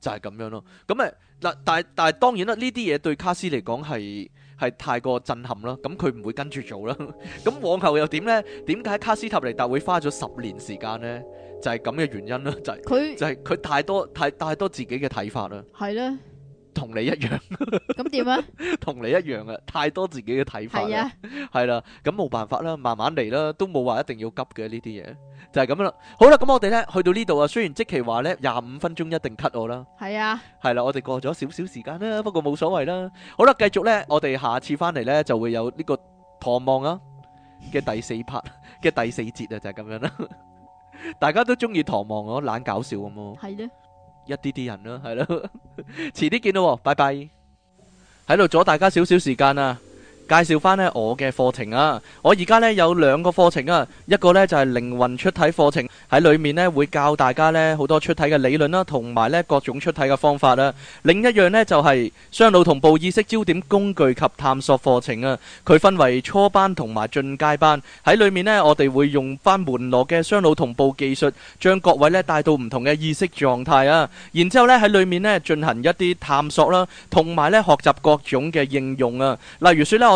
就係咁樣咯。咁誒嗱，但係但係當然啦，呢啲嘢對卡斯嚟講係。係太過震撼啦，咁佢唔會跟住做啦。咁 往後又點呢？點解卡斯塔尼達會花咗十年時間呢？就係咁嘅原因啦，就係、是、他就係佢太多太太多自己嘅睇法啦。係咧，同你一樣。咁點啊？同你一樣啊！太多自己嘅睇法啦，係啦的。咁冇你 的 辦法啦，慢慢嚟啦，都冇話一定要急嘅呢啲嘢。就係咁樣啦，好啦，咁我哋咧去到呢度啊，雖然即期話咧廿五分鐘一定 cut 我啦，係啊，係啦，我哋過咗少少時間啦，不過冇所謂啦。好啦，繼續咧，我哋下次翻嚟咧就會有呢個唐望啊嘅第四 part 嘅第四節啊，就係咁樣啦。大家都中意唐望我懶搞笑咁咯，係咧，一啲啲人咯，係咯，遲啲見咯，拜拜，喺度阻大家少少時間啊。介紹翻咧我嘅課程啊！我而家咧有兩個課程啊，一個咧就係靈魂出體課程，喺裡面咧會教大家咧好多出體嘅理論啦，同埋咧各種出體嘅方法啦。另一樣咧就係雙腦同步意識焦點工具及探索課程啊。佢分為初班同埋進階班，喺裡面咧我哋會用翻門羅嘅雙腦同步技術，將各位咧帶到唔同嘅意識狀態啊。然之後咧喺裡面咧進行一啲探索啦，同埋咧學習各種嘅應用啊。例如説咧我。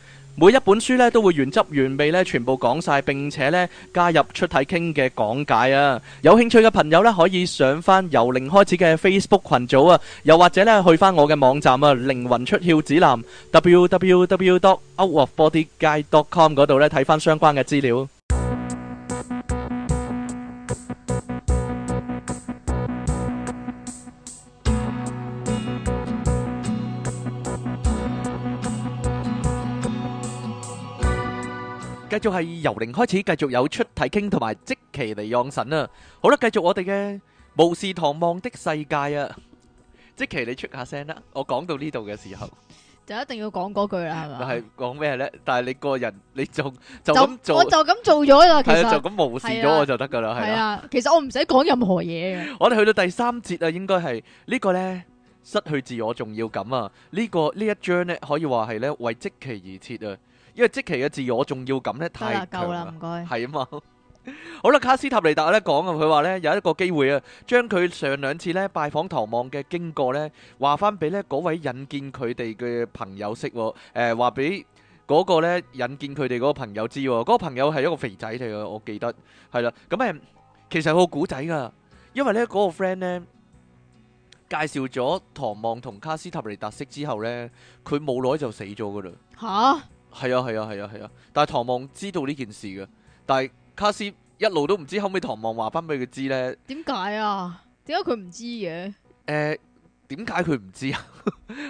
每一本書咧都會原汁原味咧全部講晒，並且咧加入出體傾嘅講解啊！有興趣嘅朋友咧可以上翻由零開始嘅 Facebook 群組啊，又或者咧去翻我嘅網站啊，靈魂出竅指南 www.outofbodyguide.com 嗰度咧睇翻相關嘅資料。繼續係由零開始，繼續有出體傾同埋即期嚟養神啊！好啦，繼續我哋嘅巫士唐望的世界啊！即期你出下聲啦，我講到呢度嘅時候就一定要講嗰句啦，係嘛？係講咩咧？但係你個人你做就咁做我就咁做咗啦，其實就咁無視咗我就得噶啦，係啦。其實我唔使講任何嘢嘅。我哋去到第三節啊，應該係呢個咧失去自我重要感啊，呢個呢一章咧可以話係咧為即期而設啊。因為即其嘅自我重要感咧太強，唔該，係啊嘛，好啦，卡斯塔尼達咧講啊，佢話咧有一個機會啊，將佢上兩次咧拜訪唐望嘅經過咧，話翻俾咧嗰位引見佢哋嘅朋友識，誒話俾嗰個咧引見佢哋嗰個朋友知，嗰個朋友係一個肥仔嚟嘅，我記得係啦，咁誒，其實個古仔噶，因為咧嗰個 friend 咧介紹咗唐望同卡斯塔尼達識之後咧，佢冇耐就死咗噶啦，吓。係啊，係啊，係啊，係啊，但係唐望知道呢件事嘅，但係卡斯一路都唔知，後尾唐望話翻俾佢知呢？點解啊？欸、 點解佢唔知嘅？誒，點解佢唔知啊？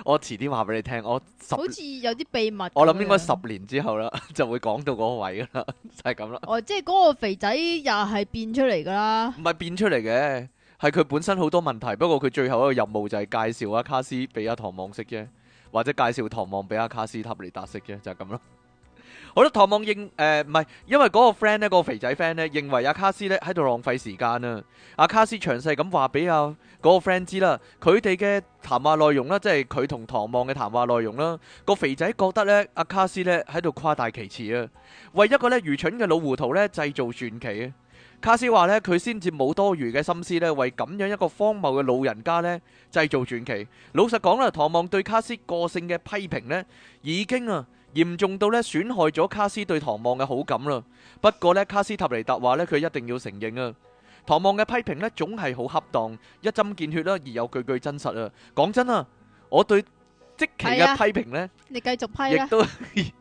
我遲啲話俾你聽，我十好似有啲秘密。我諗應該十年之後啦，就會講到嗰個位啦，就係咁啦。哦，即係嗰個肥仔又係變出嚟噶啦？唔係變出嚟嘅，係佢本身好多問題。不過佢最後一個任務就係介紹阿、啊、卡斯俾阿唐望識啫。或者介紹唐望俾阿卡斯塔嚟識嘅就係咁咯。好啦，唐望認，誒唔係，因為嗰個 friend 呢，個肥仔 friend 呢認為阿卡斯呢喺度浪費時間啊。阿卡斯詳細咁話俾阿嗰個 friend 知啦，佢哋嘅談話內容啦，即係佢同唐望嘅談話內容啦。個肥仔覺得呢，阿卡斯呢喺度誇大其詞啊，為一個呢愚蠢嘅老糊塗呢製造傳奇啊。卡斯話呢，佢先至冇多餘嘅心思呢，為咁樣一個荒謬嘅老人家呢製造傳奇。老實講啦，唐望對卡斯個性嘅批評呢已經啊嚴重到呢，損害咗卡斯對唐望嘅好感啦。不過呢，卡斯塔尼達話呢，佢一定要承認啊，唐望嘅批評呢，總係好恰當，一針見血啦，而有句句真實啊。講真啊，我對。即期嘅批評咧，你繼續批啦，亦都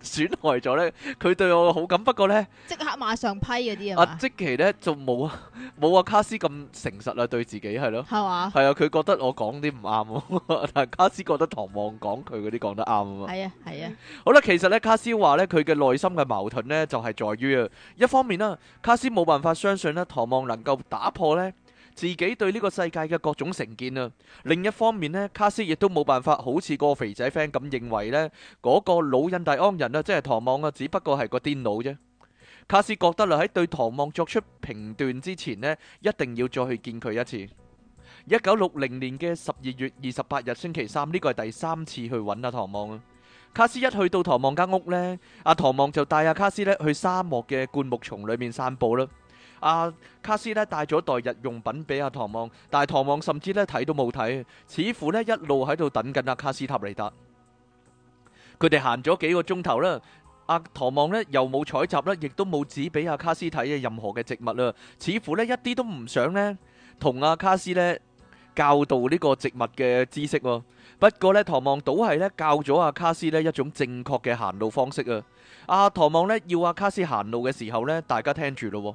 損害咗咧佢對我嘅好感。不過咧，即刻馬上批嗰啲係嘛？即期咧就冇冇啊！卡斯咁誠實啊，對自己係咯，係嘛？係啊，佢覺得我講啲唔啱啊，但係卡斯覺得唐望講佢嗰啲講得啱啊。係啊，係啊。好啦，其實咧，卡斯話咧，佢嘅內心嘅矛盾咧，就係在於啊，一方面啦，卡斯冇辦法相信咧，唐望能夠打破咧。自己對呢個世界嘅各種成見啊！另一方面呢，卡斯亦都冇辦法好似個肥仔 friend 咁認為呢、嗰嗰個老印第安人啊，即係唐望啊，只不過係個癲佬啫。卡斯覺得啦，喺對唐望作出評斷之前呢，一定要再去見佢一次。一九六零年嘅十二月二十八日星期三，呢個係第三次去揾阿唐望啊。卡斯一去到唐望間屋呢，阿、啊、唐望就帶阿、啊、卡斯呢去沙漠嘅灌木叢裏面散步啦。阿、啊、卡斯咧帶咗袋日用品俾阿唐望，但係唐望甚至咧睇都冇睇，似乎咧一路喺度等緊阿、啊、卡斯塔尼達。佢哋行咗幾個鐘頭啦，阿、啊、唐望咧又冇採集呢亦都冇指俾阿、啊、卡斯睇嘅任何嘅植物啊，似乎咧一啲都唔想呢同阿、啊、卡斯咧教導呢個植物嘅知識。不過呢，唐望倒係咧教咗阿、啊、卡斯咧一種正確嘅行路方式啊。阿唐望咧要阿、啊、卡斯行路嘅時候呢，大家聽住咯。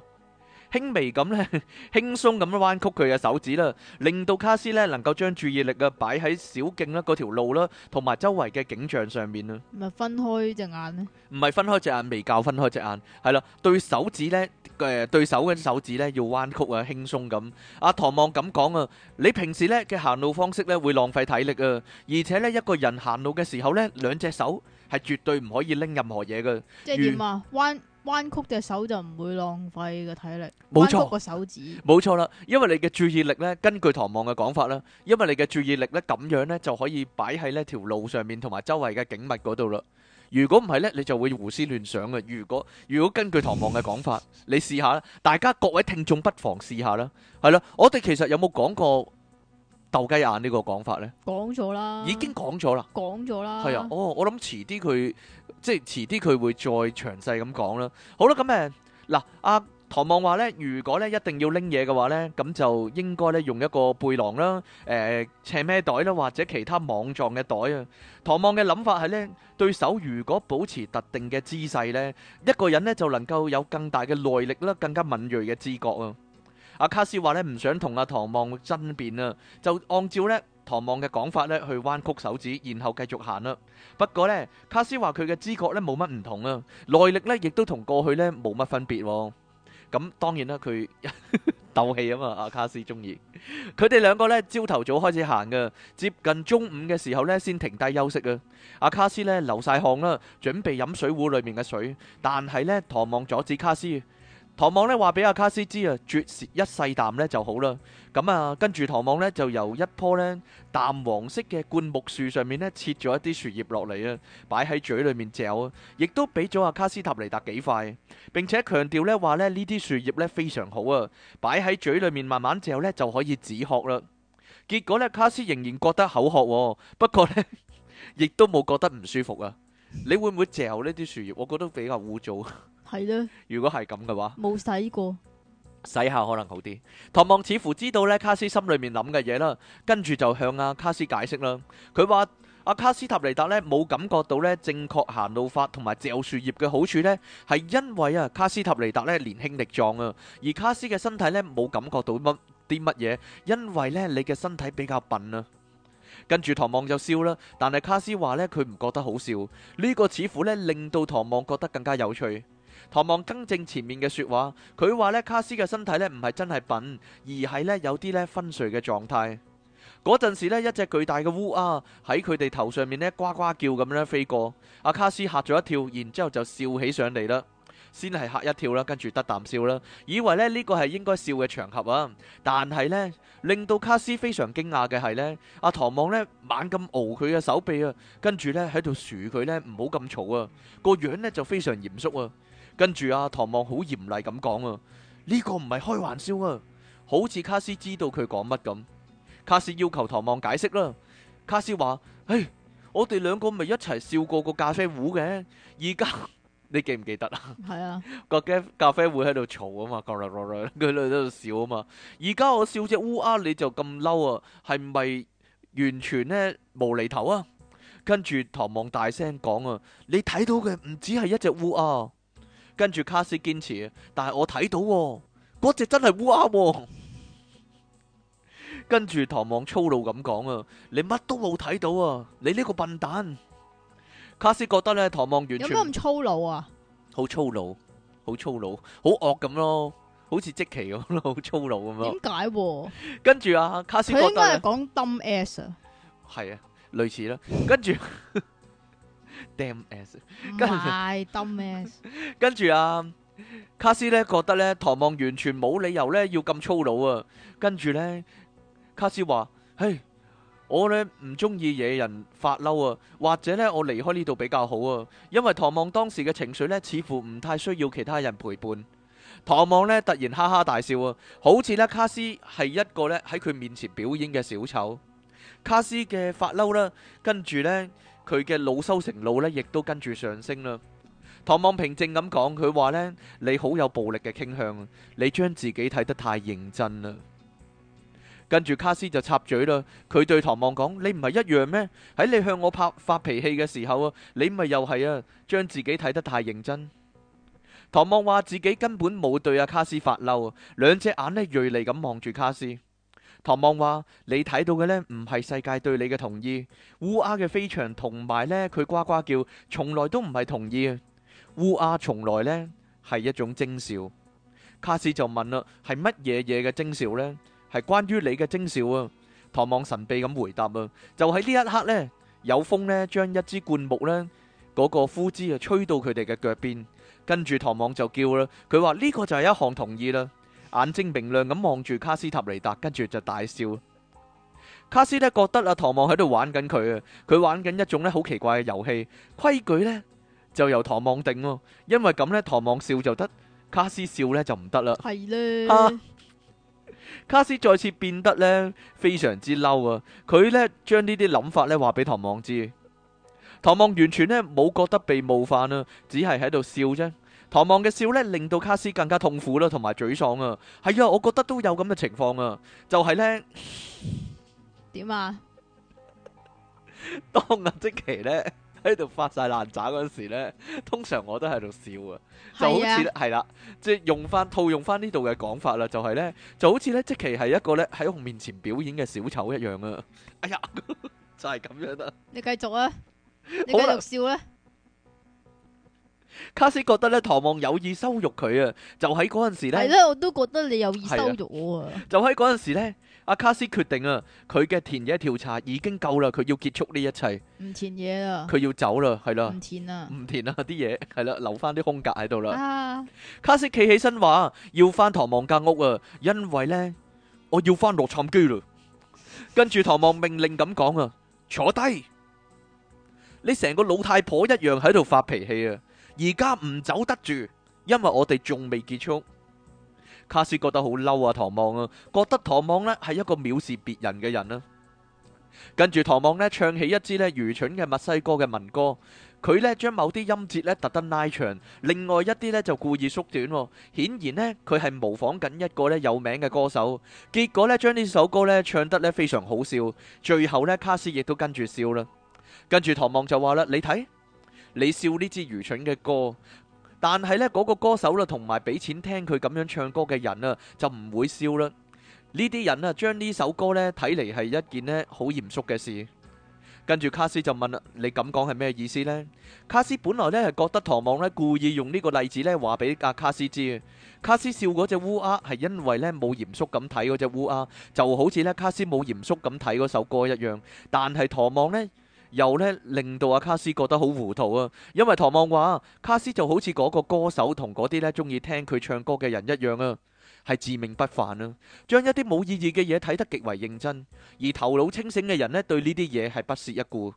輕微咁咧，輕鬆咁樣彎曲佢嘅手指啦，令到卡斯咧能夠將注意力啊擺喺小徑啦嗰條路啦，同埋周圍嘅景象上面啦。唔係分開隻眼咩？唔係分開隻眼，未教分開隻眼，係啦，對手指咧，誒，對手嘅手指咧要彎曲啊，輕鬆咁。阿唐望咁講啊，你平時咧嘅行路方式咧會浪費體力啊，而且咧一個人行路嘅時候咧，兩隻手係絕對唔可以拎任何嘢嘅。即係點啊？彎。彎曲隻手就唔會浪費個體力，彎曲個手指。冇錯。冇錯啦，因為你嘅注意力咧，根據唐望嘅講法啦，因為你嘅注意力咧咁樣咧就可以擺喺呢條路上面同埋周圍嘅景物嗰度啦。如果唔係咧，你就會胡思亂想嘅。如果如果根據唐望嘅講法，你試下啦，大家各位聽眾不妨試下啦。係啦，我哋其實有冇講過？鬥雞眼呢個講法呢？講咗啦，已經講咗啦，講咗啦。係啊，哦，我諗遲啲佢，即係遲啲佢會再詳細咁講啦。好啦，咁誒，嗱、啊，阿唐望話呢，如果呢一定要拎嘢嘅話呢，咁就應該呢用一個背囊啦，誒、呃，斜咩袋啦，或者其他網狀嘅袋啊。唐望嘅諗法係呢，對手如果保持特定嘅姿勢呢，一個人呢就能夠有更大嘅耐力啦，更加敏銳嘅知覺啊。阿卡斯話咧，唔想同阿唐望爭辯啊，就按照咧唐望嘅講法咧去彎曲手指，然後繼續行啦。不過咧卡斯話佢嘅知覺咧冇乜唔同啊，耐力咧亦都同過去咧冇乜分別。咁、嗯、當然啦，佢鬥氣啊嘛，阿卡斯中意。佢哋兩個咧朝頭早開始行噶，接近中午嘅時候咧先停低休息啊。阿卡斯咧流晒汗啦，準備飲水壺裏面嘅水，但係咧唐望阻止卡斯。唐望呢話俾阿卡斯知，食啊，絕舌一細啖呢就好啦。咁啊，跟住唐望呢就由一棵呢淡黃色嘅灌木樹上面呢切咗一啲樹葉落嚟啊，擺喺嘴裏面嚼啊，亦都俾咗阿卡斯塔尼達幾塊，並且強調呢話呢呢啲樹葉呢非常好啊，擺喺嘴裏面慢慢嚼呢就可以止渴啦。結果呢，卡斯仍然覺得口渴、哦，不過呢，亦 都冇覺得唔舒服啊。你會唔會嚼呢啲樹葉？我覺得比較污糟。係啦，如果係咁嘅話，冇洗過洗下可能好啲。唐望似乎知道咧，卡斯心裏面諗嘅嘢啦，跟住就向阿、啊、卡斯解釋啦。佢話阿卡斯塔尼達咧冇感覺到咧正確行路法同埋嚼樹葉嘅好處呢，係因為啊卡斯塔尼達咧年輕力壯啊，而卡斯嘅身體咧冇感覺到乜啲乜嘢，因為咧你嘅身體比較笨啊。跟住唐望就笑啦，但係卡斯話咧佢唔覺得好笑呢，呢個，似乎咧令到唐望覺得更加有趣。唐望更正前面嘅説話，佢話咧卡斯嘅身體咧唔係真係笨，而係咧有啲咧昏睡嘅狀態。嗰陣時咧一隻巨大嘅烏鴉喺佢哋頭上面咧呱呱叫咁樣飛過，阿卡斯嚇咗一跳，然之後就笑起上嚟啦，先係嚇一跳啦，跟住得啖笑啦，以為咧呢個係應該笑嘅場合啊，但係呢，令到卡斯非常驚訝嘅係呢，阿唐望咧猛咁拗佢嘅手臂啊，跟住呢喺度噓佢呢唔好咁嘈啊，個樣呢就非常嚴肅啊。跟住阿唐望好嚴厲咁講啊，呢個唔係開玩笑啊，好似卡斯知道佢講乜咁。卡斯要求唐望解釋啦。卡斯話：唉，我哋兩個咪一齊笑過個咖啡壺嘅，而家你記唔記得啊？係 啊，個咖啡壺喺度嘈啊嘛，佢喺度笑啊嘛，而家我笑隻烏鴉，你就咁嬲啊？係咪完全呢無厘頭啊？跟住唐望大聲講啊，你睇到嘅唔止係一隻烏鴉。跟住卡斯堅持，但係我睇到嗰隻真係烏鴉。跟住唐望粗魯咁講啊，你乜都冇睇到啊，你呢個笨蛋！卡斯覺得咧，唐望完全有咩咁粗魯啊？好粗魯，好粗魯，好惡咁咯，好似積奇咁咯，好粗魯咁咯。點解？跟住啊，卡斯覺得係講 dumb ass 啊，係啊，類似啦。跟住。S Damn ass, 跟 s，, dumb 跟住啊，卡斯咧覺得咧，唐望完全冇理由咧要咁粗魯啊。跟住咧，卡斯話：嘿，我咧唔中意惹人發嬲啊。或者咧，我離開呢度比較好啊。因為唐望當時嘅情緒咧，似乎唔太需要其他人陪伴。唐望咧突然哈哈大笑啊，好似咧卡斯係一個咧喺佢面前表演嘅小丑。卡斯嘅發嬲啦，跟住咧。佢嘅惱羞成怒呢，亦都跟住上升啦。唐望平靜咁講，佢話呢：「你好有暴力嘅傾向，你將自己睇得太認真啦。跟住卡斯就插嘴啦，佢對唐望講：你唔係一樣咩？喺你向我拍發脾氣嘅時候啊，你咪又係啊，將自己睇得太認真。唐望話自己根本冇對阿卡斯發嬲，啊。」兩隻眼呢，銳利咁望住卡斯。唐望話：你睇到嘅呢，唔係世界對你嘅同意。烏鴉嘅飛翔同埋呢，佢呱呱叫，從來都唔係同意啊。烏鴉從來呢係一種徵兆。卡斯就問啦：係乜嘢嘢嘅徵兆呢？係關於你嘅徵兆啊。唐望神秘咁回答啊：就喺呢一刻呢，有風呢將一支灌木呢，嗰個枯枝啊吹到佢哋嘅腳邊，跟住唐望就叫啦。佢話呢個就係一項同意啦。眼睛明亮咁望住卡斯塔尼達，跟住就大笑。卡斯咧覺得啊，唐望喺度玩緊佢啊，佢玩緊一種咧好奇怪嘅遊戲，規矩呢，就由唐望定喎，因為咁呢，唐望笑就得，卡斯笑呢就唔得啦。係咧呢、啊，卡斯再次變得呢，非常之嬲啊！佢呢，將呢啲諗法呢話俾唐望知，唐望完全呢，冇覺得被冒犯啊，只係喺度笑啫。唐望嘅笑咧，令到卡斯更加痛苦咯，同埋沮喪啊！係、哎、啊，我覺得都有咁嘅情況啊，就係咧點啊？ 當阿、啊、即奇咧喺度發晒爛渣嗰時咧，通常我都喺度笑啊，就好似係啦，即係、啊、用翻套用翻呢度嘅講法啦，就係、是、咧，就好似咧即奇係一個咧喺我面前表演嘅小丑一樣啊！哎呀， 就係咁樣啦、啊！你繼續啊，你繼續笑、啊、啦。卡斯覺得咧，唐望有意羞辱佢啊！就喺嗰陣時咧，係咧，我都覺得你有意羞辱我啊！就喺嗰陣時咧，阿卡斯決定啊，佢嘅田野調查已經夠啦，佢要結束呢一切，唔田野啦，佢要走啦，係啦，唔田啦，唔田啦啲嘢係啦，留翻啲空格喺度啦。卡斯企起身話，要翻唐望間屋啊，因為咧，我要翻洛杉磯啦。跟住唐望命令咁講啊，坐低，你成個老太婆一樣喺度發脾氣啊！而家唔走得住，因為我哋仲未結束。卡斯覺得好嬲啊，唐望啊，覺得唐望呢係一個藐視別人嘅人啊。跟住唐望呢唱起一支呢愚蠢嘅墨西哥嘅民歌，佢呢將某啲音節呢特登拉長，另外一啲呢就故意縮短。顯然呢，佢係模仿緊一個呢有名嘅歌手，結果呢，將呢首歌呢唱得呢非常好笑。最後呢，卡斯亦都跟住笑啦。跟住唐望就話啦，你睇。你笑呢支愚蠢嘅歌，但係呢嗰個歌手啦，同埋俾錢聽佢咁樣唱歌嘅人啊，就唔會笑啦。呢啲人啊，將呢首歌咧睇嚟係一件咧好嚴肅嘅事。跟住卡斯就問啦：「你咁講係咩意思呢？」卡斯本來呢係覺得唐望咧故意用呢個例子咧話俾阿卡斯知。卡斯笑嗰隻烏鴉係因為咧冇嚴肅咁睇嗰隻烏鴉，就好似咧卡斯冇嚴肅咁睇嗰首歌一樣。但係唐望呢。又咧令到阿卡斯覺得好糊塗啊，因為唐望話卡斯就好似嗰個歌手同嗰啲咧中意聽佢唱歌嘅人一樣啊，係自命不凡啊，將一啲冇意義嘅嘢睇得極為認真，而頭腦清醒嘅人呢，對呢啲嘢係不屑一顧。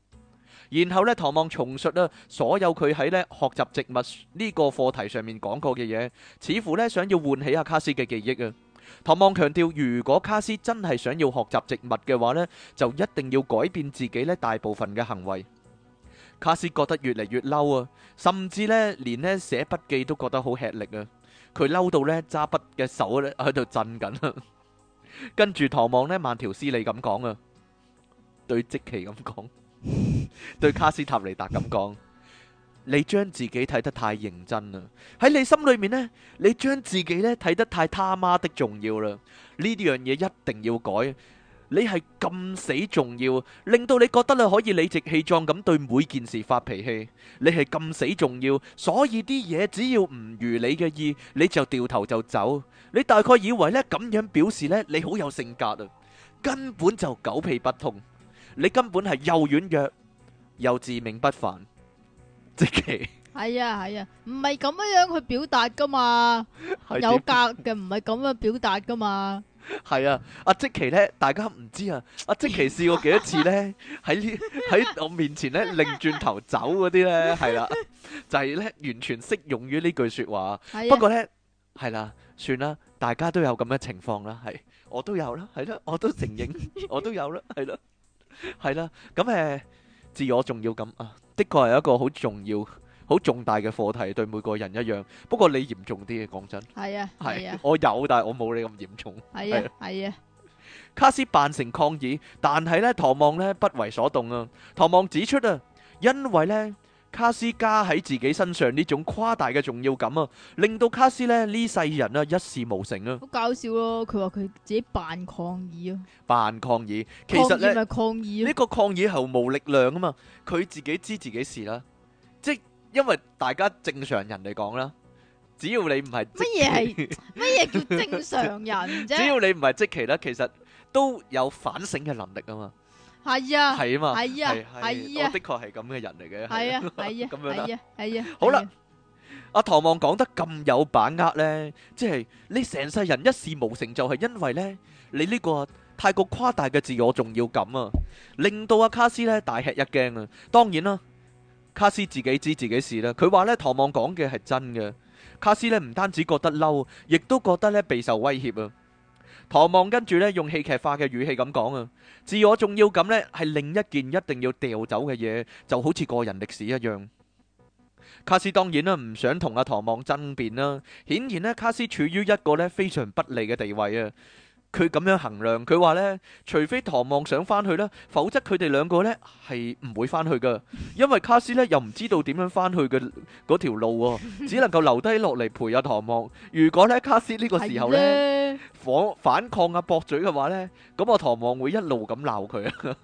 然後呢，唐望重述啊，所有佢喺呢學習植物呢個課題上面講過嘅嘢，似乎呢，想要喚起阿卡斯嘅記憶啊。唐望強調，如果卡斯真係想要學習植物嘅話呢，就一定要改變自己呢大部分嘅行為。卡斯覺得越嚟越嬲啊，甚至呢連呢寫筆記都覺得好吃力啊！佢嬲到呢揸筆嘅手呢喺度震緊啊！跟 住唐望呢慢條斯理咁講啊，對積奇咁講，對卡斯塔尼達咁講。你將自己睇得太認真啦，喺你心裏面呢，你將自己呢睇得太他媽的重要啦。呢啲樣嘢一定要改。你係咁死重要，令到你覺得你可以理直氣壯咁對每件事發脾氣。你係咁死重要，所以啲嘢只要唔如你嘅意，你就掉頭就走。你大概以為呢咁樣表示呢，你好有性格啊，根本就狗屁不通。你根本係又軟弱又自命不凡。即奇係啊，係啊，唔係咁樣樣去表達噶嘛，有格嘅唔係咁樣表達噶嘛。係啊，阿即奇咧，大家唔知啊，阿即奇試過幾多次咧，喺呢喺我面前咧，擰轉頭走嗰啲咧，係啦、啊，就係、是、咧完全適用於呢句說話。啊、不過咧，係啦、啊，算啦，大家都有咁嘅情況啦，係、啊、我都有啦，係咯、啊，我都承認我都有啦，係咯、啊，係啦、啊，咁、嗯、誒。嗯嗯嗯嗯嗯自我重要感啊，的確係一個好重要、好重大嘅課題，對每個人一樣。不過你嚴重啲嘅，講真。係啊，係啊，我有，但係我冇你咁嚴重。係啊，係啊。卡斯扮成抗議，但係咧，唐望咧不為所動啊。唐望指出啊，因為咧，卡斯加喺自己身上呢種誇大嘅重要感啊，令到卡斯咧呢世人啊一事無成啊！好搞笑咯，佢話佢自己扮抗議啊，扮抗議，其實你係抗議呢個抗議係無力量啊嘛，佢自己知自己事啦，即係因為大家正常人嚟講啦，只要你唔係乜嘢，係乜嘢叫正常人啫，只要你唔係即期啦，其實都有反省嘅能力啊嘛。係啊，係啊嘛，係啊，係啊，我的確係咁嘅人嚟嘅，係啊，係啊，咁樣啦，係啊，係啊，好啦，阿唐望講得咁有把握呢，即係你成世人一事無成就係因為呢，你呢個太過誇大嘅自我重要感啊，令到阿卡斯呢大吃一驚啊。當然啦，卡斯自己知自己事啦，佢話呢，唐望講嘅係真嘅，卡斯呢唔單止覺得嬲，亦都覺得呢備受威脅啊。唐望跟住咧用戲劇化嘅語氣咁講啊，自我重要感咧係另一件一定要掉走嘅嘢，就好似個人歷史一樣。卡斯當然啦，唔想同阿唐望爭辯啦。顯然咧，卡斯處於一個咧非常不利嘅地位啊。佢咁樣衡量，佢話咧，除非唐望想翻去啦，否則佢哋兩個咧係唔會翻去噶，因為卡斯咧又唔知道點樣翻去嘅嗰條路喎，只能夠留低落嚟陪阿唐望。如果咧卡斯呢個時候咧火反抗阿駁嘴嘅話咧，咁我唐望會一路咁鬧佢啊。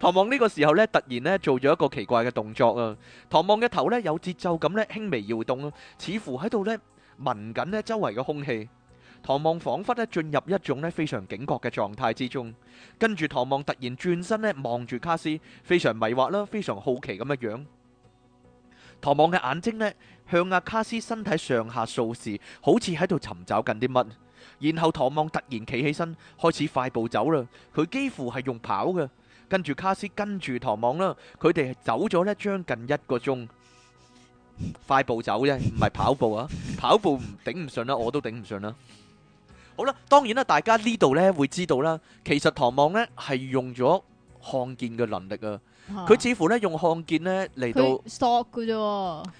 唐望呢個時候咧突然咧做咗一個奇怪嘅動作啊，唐望嘅頭咧有節奏咁咧輕微搖動咯，似乎喺度咧聞緊咧周圍嘅空氣。唐望仿佛咧進入一種咧非常警覺嘅狀態之中，跟住唐望突然轉身咧望住卡斯，非常迷惑啦，非常好奇咁嘅樣。唐望嘅眼睛咧向阿卡斯身體上下掃視，好似喺度尋找緊啲乜。然後唐望突然企起身，開始快步走啦。佢幾乎係用跑㗎。跟住卡斯跟住唐望啦，佢哋走咗咧將近一個鐘。 快步走啫，唔係跑步啊！跑步唔頂唔順啦，我都頂唔順啦。好啦，當然啦，大家呢度咧會知道啦，其實唐望咧係用咗看見嘅能力啊，佢似乎咧用看見咧嚟到掃嘅啫，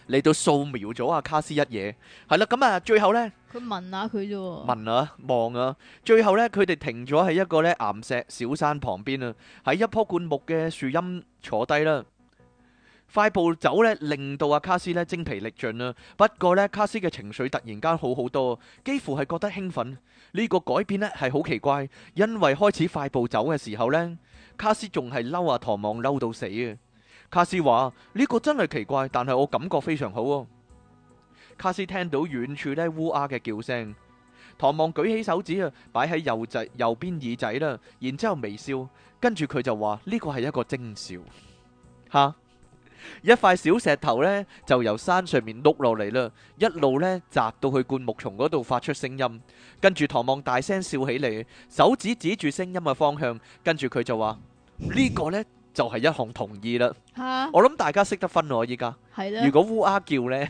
嚟到掃描咗阿卡斯一嘢，係啦，咁啊最後咧，佢聞下佢啫，聞啊望啊，最後咧佢哋停咗喺一個咧岩石小山旁邊啊，喺一棵灌木嘅樹蔭坐低啦。快步走咧，令到阿卡斯咧精疲力盡啦。不過呢，卡斯嘅情緒突然間好好多，幾乎係覺得興奮。呢個改變咧係好奇怪，因為開始快步走嘅時候呢，卡斯仲係嬲阿唐望嬲到死啊。卡斯話呢個真係奇怪，但係我感覺非常好哦。卡斯聽到遠處呢烏鴉嘅叫聲，唐望舉起手指啊，擺喺右右邊耳仔啦，然之後微笑，跟住佢就話呢個係一個徵兆吓。一塊小石頭呢，就由山上面碌落嚟啦，一路呢，砸到去灌木叢嗰度，發出聲音。跟住唐望大聲笑起嚟，手指指住聲音嘅方向，跟住佢就話：呢、嗯、個呢，就係、是、一項同意哈啦。吓！我諗大家識得分我依家。如果烏鴉叫呢，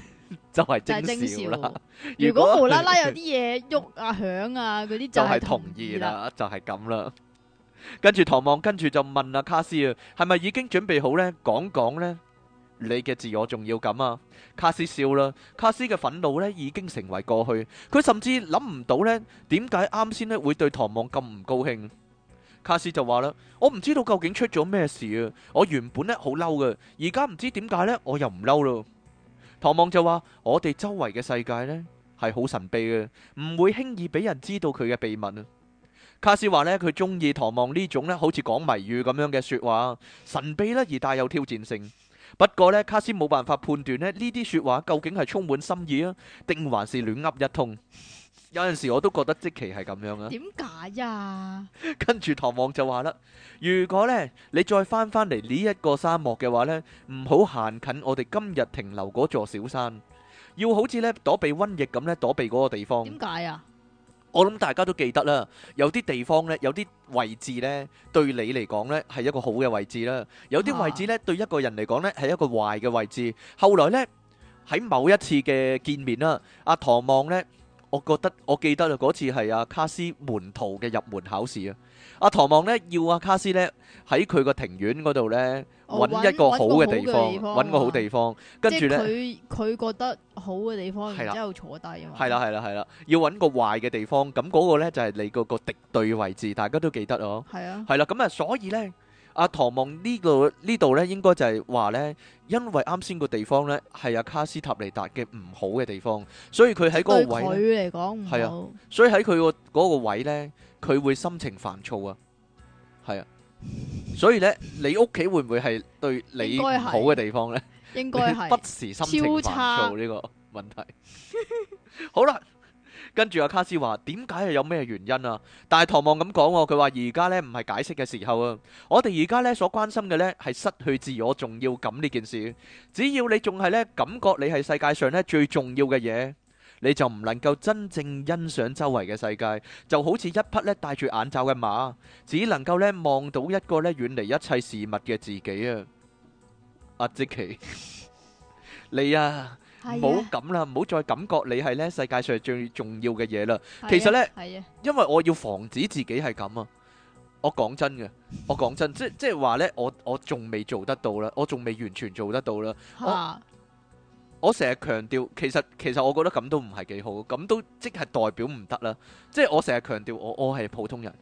就係、是、徵兆啦。 如果是 如果無啦啦有啲嘢喐啊響啊啲，就係同意啦，就係咁啦。跟住唐望，跟住就問阿、啊、卡斯啊：係咪已經準備好呢？講講呢？講一講一講」你嘅自我重要感啊！卡斯笑啦，卡斯嘅憤怒呢，已經成為過去，佢甚至諗唔到呢，點解啱先呢會對唐望咁唔高興。卡斯就話啦：「我唔知道究竟出咗咩事啊！我原本呢好嬲嘅，而家唔知點解呢，我又唔嬲咯。」唐望就話：「我哋周圍嘅世界呢係好神秘嘅，唔會輕易俾人知道佢嘅秘密啊！」卡斯話呢，佢中意唐望呢種呢，好似講謎語咁樣嘅說話，神秘呢而帶有挑戰性。不過咧，卡斯冇辦法判斷咧呢啲說話究竟係充滿心意啊，定還是亂噏一通？有陣時我都覺得即期係咁樣啊。點解呀？ 跟住唐望就話啦：如果呢，你再翻返嚟呢一個沙漠嘅話呢，唔好行近我哋今日停留嗰座小山，要好似呢，躲避瘟疫咁呢，躲避嗰個地方。點解呀？我諗大家都記得啦，有啲地方呢，有啲位置呢，對你嚟講呢，係一個好嘅位置啦；有啲位置呢，對一個人嚟講呢，係一個壞嘅位置。後來呢，喺某一次嘅見面啦，阿唐望呢。我覺得我記得啊，嗰次係阿卡斯門徒嘅入門考試啊，阿唐望咧要阿卡斯咧喺佢個庭院嗰度咧，揾一個好嘅地方，揾個好地方，跟住咧佢佢覺得好嘅地方，然之後坐低啊，係啦，係啦，係啦，要揾個壞嘅地方，咁嗰個咧就係你嗰個敵對位置，大家都記得哦，係啊，係啦，咁啊，所以咧。阿、啊、唐望呢度呢度咧，應該就係話呢因為啱先個地方呢係阿卡斯塔尼達嘅唔好嘅地方，所以佢喺嗰個位，佢嚟講唔好。係啊，所以喺佢個嗰位呢，佢會心情煩躁啊。係啊，所以呢，你屋企會唔會係對你好嘅地方呢？應該係 不時心情煩躁呢差個問題。 好啦。跟住阿卡斯話，點解又有咩原因啊？但係唐望咁講，啊，佢話而家呢，唔係解釋嘅時候啊，我哋而家呢，所關心嘅呢，係失去自我重要感呢件事。只要你仲係呢感覺你係世界上呢最重要嘅嘢，你就唔能夠真正欣賞周圍嘅世界，就好似一匹呢戴住眼罩嘅馬，只能夠呢望到一個呢遠離一切事物嘅自己啊！阿即奇，iki, 你呀，啊。唔好咁啦，唔好再感覺你係呢世界上最重要嘅嘢啦。其實呢，因為我要防止自己係咁啊。我講真嘅，我講真 即，即即係話呢，我我仲未做得到啦，我仲未完全做得到啦。我成日強調，其實其實我覺得咁都唔係幾好，咁都即係代表唔得啦。即係我成日強調，我我係普通人。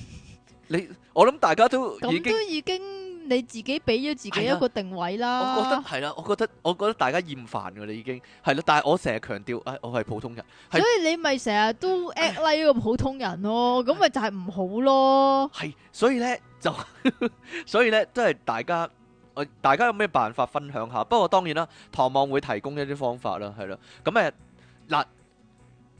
你我諗大家都都已經。你自己俾咗自己一個定位啦，我覺得係啦，我覺得我覺得大家厭煩㗎啦已經，係啦，但係我成日強調，誒、哎，我係普通人，所以你咪成日都 act like、like 哎、呀個普通人咯，咁咪就係唔好咯。係，所以咧就， 所以咧都係大家，誒，大家有咩辦法分享下？不過當然啦，唐望會提供一啲方法啦，係啦，咁誒嗱。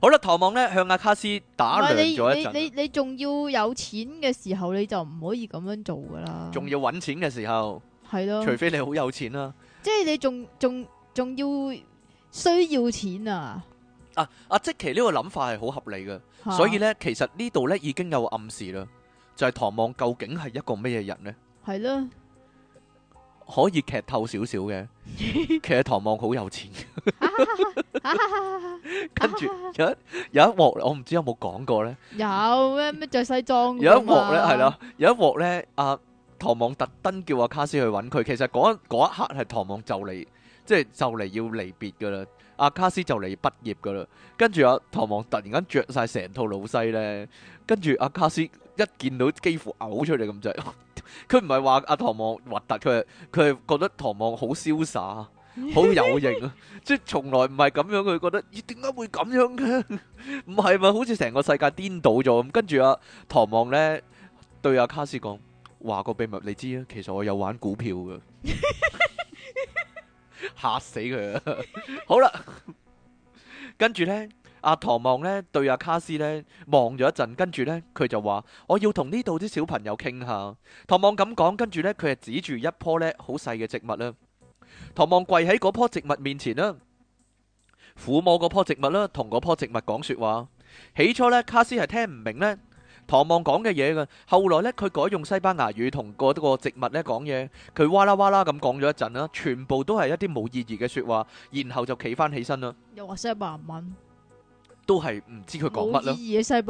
好啦，唐望咧向阿卡斯打量咗一陣。你你你仲要有錢嘅時候，你就唔可以咁樣做噶啦。仲要搵錢嘅時候，係咯的？除非你好有錢啦、啊。即係你仲仲仲要需要錢啊？啊，阿、啊、即奇呢個諗法係好合理嘅，啊、所以咧，其實呢度咧已經有暗示啦，就係、是、唐望究竟係一個咩人咧？係咯。可以劇透少少嘅，其實唐望好有錢，跟住有有一幕我唔知有冇講過咧，有咩咩着西裝，有一幕咧係啦，有一幕咧阿唐望特登叫阿卡斯去搵佢，其實嗰一刻係唐望就嚟，即係就嚟、是、要離別噶啦，阿、啊、卡斯就嚟畢業噶啦，跟住阿唐望突然間着晒成套老西咧，跟住阿、啊、卡斯一見到幾乎嘔出嚟咁滯。 佢唔係話阿唐望核突，佢係佢係覺得唐望好瀟灑，好有型啊！即係從來唔係咁樣，佢覺得咦？點解會咁樣嘅？唔係嘛？好似成個世界顛倒咗咁。跟住阿唐望呢對阿、啊、卡斯講，話個秘密，你知啊？其實我有玩股票嘅，吓 死佢他！ 好啦，跟住呢。阿、啊、唐望呢對阿、啊、卡斯呢望咗一陣，跟住呢，佢就話我要同呢度啲小朋友傾下。唐望咁講，跟住呢，佢就指住一棵呢好細嘅植物啦。唐望跪喺嗰棵植物面前啦，撫摸嗰棵植物啦，同嗰棵植物講說話。起初呢，卡斯係聽唔明呢唐望講嘅嘢噶後來呢佢改用西班牙語同嗰個植物呢講嘢。佢哇啦哇啦咁講咗一陣啦，全部都係一啲冇意義嘅說話，然後就企返起身啦。又話西班牙文。都係唔知佢講乜咯。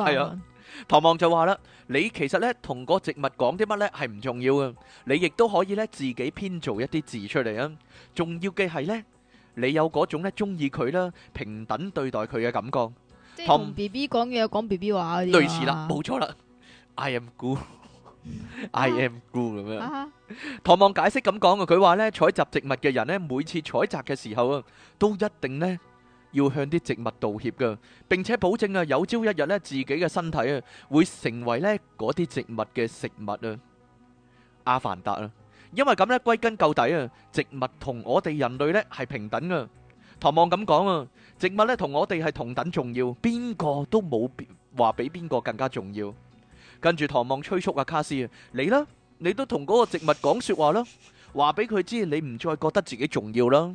係啊，唐望就話啦，你其實咧同個植物講啲乜咧係唔重要嘅，你亦都可以咧自己編造一啲字出嚟啊。重要嘅係咧，你有嗰種咧中意佢啦，平等對待佢嘅感覺。同 B B 講嘢，講 B B 話嗰啲。類似啦，冇錯啦。I am good，I am good 咁樣。唐望解釋咁講啊，佢話咧採集植物嘅人咧每次採集嘅時候啊，都一定咧。要向啲植物道歉噶，並且保證啊，有朝一日咧，自己嘅身體啊，會成為咧嗰啲植物嘅食物啊。阿凡達啊，因為咁呢，歸根究底啊，植物同我哋人類咧係平等噶。唐望咁講啊，植物咧同我哋係同等重要，邊個都冇話比邊個更加重要。跟住唐望催促阿卡斯啊，你呢？你都同嗰個植物講說話啦，話俾佢知你唔再覺得自己重要啦。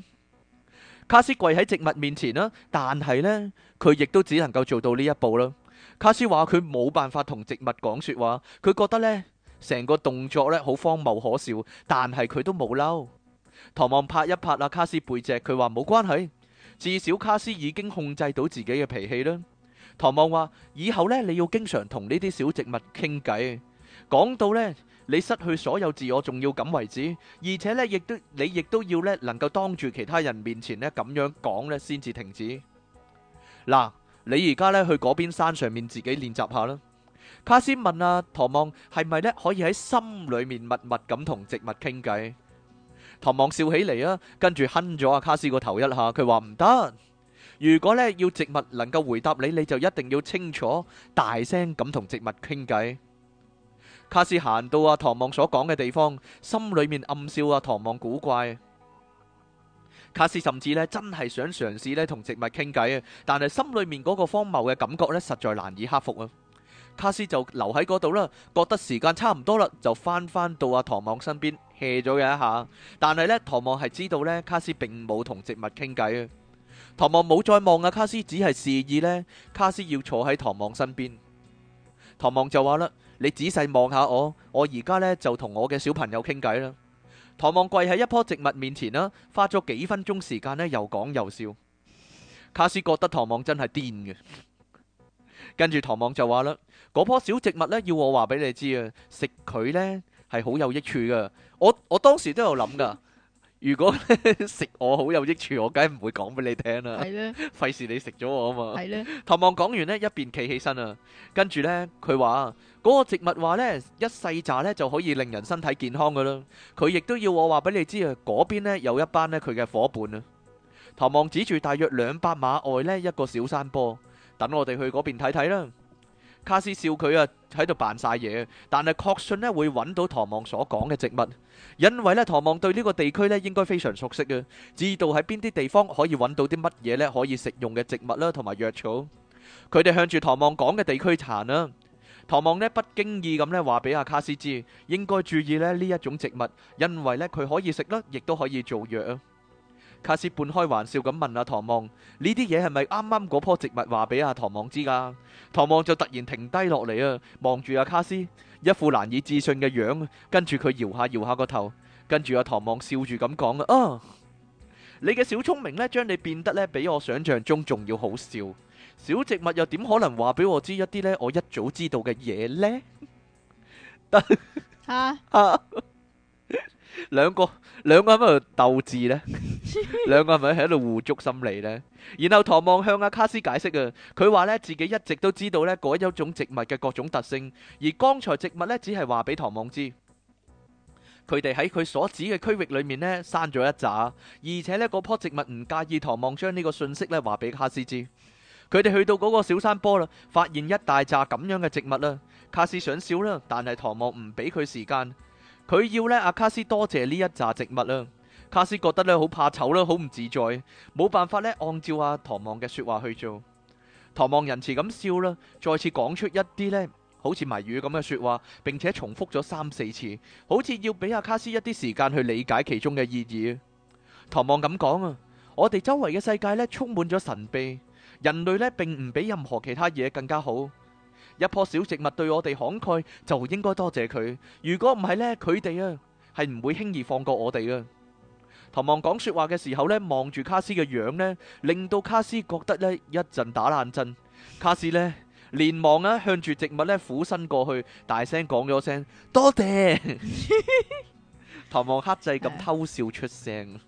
卡斯跪喺植物面前啦，但係呢，佢亦都只能夠做到呢一步啦。卡斯話佢冇辦法同植物講說話，佢覺得呢成個動作呢好荒謬可笑，但係佢都冇嬲。唐望拍一拍啊卡斯背脊，佢話冇關係，至少卡斯已經控制到自己嘅脾氣啦。唐望話以後呢，你要經常同呢啲小植物傾偈。講到呢。你失去所有自我重要感為止，而且呢，亦都你亦都要呢，能夠當住其他人面前呢，咁樣講呢，先至停止。嗱，你而家呢，去嗰邊山上面自己練習下啦。卡斯問阿唐望係咪呢，可以喺心裏面默默咁同植物傾偈？唐望笑起嚟啊，跟住哼咗阿卡斯個頭一下，佢話唔得。如果呢，要植物能夠回答你，你就一定要清楚大聲咁同植物傾偈。卡斯行到阿唐望所講嘅地方，心裏面暗笑阿唐望古怪。卡斯甚至咧，真係想嘗試咧，同植物傾偈啊，但係心裏面嗰個荒謬嘅感覺咧，實在難以克服啊。卡斯就留喺嗰度啦，覺得時間差唔多啦，就翻返到阿唐望身邊歇咗嘅一下。但係呢，唐望係知道呢，卡斯並冇同植物傾偈啊。唐望冇再望啊卡斯，只係示意呢，卡斯要坐喺唐望身邊。唐望就話啦。你仔細望下我，我而家呢就同我嘅小朋友傾偈啦。唐望跪喺一棵植物面前啦，花咗幾分鐘時間呢又講又笑。卡斯覺得唐望真係癲嘅。跟住唐望就話啦：「嗰棵小植物呢，要我話俾你知啊，食佢呢係好有益處噶我我當時都有諗噶。如果食我好有益處，我梗係唔會講俾你聽啦。係咧的，費事 你食咗我啊嘛。係咧的。唐望講完呢，一邊企起身啊，跟住呢，佢話嗰個植物話呢，一細扎咧就可以令人身體健康噶啦。佢亦都要我話俾你知啊，嗰邊呢有一班呢佢嘅伙伴啊。唐望指住大約兩百碼外呢一個小山坡，等我哋去嗰邊睇睇啦。卡斯笑佢啊，喺度扮晒嘢，但係確信咧會搵到唐望所講嘅植物，因為呢，唐望對呢個地區咧應該非常熟悉嘅，知道喺邊啲地方可以搵到啲乜嘢咧可以食用嘅植物啦，同埋藥草。佢哋向住唐望講嘅地區行啦，唐望呢，不經意咁咧話俾阿卡斯知，應該注意咧呢一種植物，因為呢，佢可以食啦，亦都可以做藥啊。卡斯半開玩笑咁問阿、啊、唐望：呢啲嘢係咪啱啱嗰棵植物話俾阿唐望知噶？唐望就突然停低落嚟啊，望住阿卡斯，一副難以置信嘅樣。跟住佢搖下搖下個頭，跟住阿唐望笑住咁講：啊，你嘅小聰明呢，將你變得呢，比我想象中仲要好笑。小植物又點可能話俾我知一啲呢？我一早知道嘅嘢呢？啊」 啊。兩個兩個喺度鬥智呢？兩個係咪喺度互捉心理呢？然後唐望向阿卡斯解釋啊，佢話呢，自己一直都知道呢，嗰一種植物嘅各種特性，而剛才植物呢，只係話俾唐望知，佢哋喺佢所指嘅區域裏面呢，生咗一紮，而且呢，嗰棵植物唔介意唐望將呢個信息呢，話俾卡斯知。佢哋去到嗰個小山坡啦，發現一大紮咁樣嘅植物啦。卡斯想笑啦，但係唐望唔俾佢時間。佢要呢阿卡斯多謝呢一紮植物啦，卡斯覺得呢好怕醜啦，好唔自在，冇辦法呢按照阿唐望嘅說話去做。唐望仁慈咁笑啦，再次講出一啲呢好似謎語咁嘅說話，並且重複咗三四次，好似要俾阿卡斯一啲時間去理解其中嘅意義。唐望咁講啊，我哋周圍嘅世界呢充滿咗神秘，人類呢並唔比任何其他嘢更加好。一棵小植物對我哋慷慨，就應該多謝佢。如果唔係呢，佢哋啊係唔會輕易放過我哋噶、啊。唐望講說話嘅時候呢，望住卡斯嘅樣呢，令到卡斯覺得呢一陣打冷震。卡斯呢，連忙啊向住植物呢俯身過去，大聲講咗聲多謝。唐 望克制咁偷笑出聲。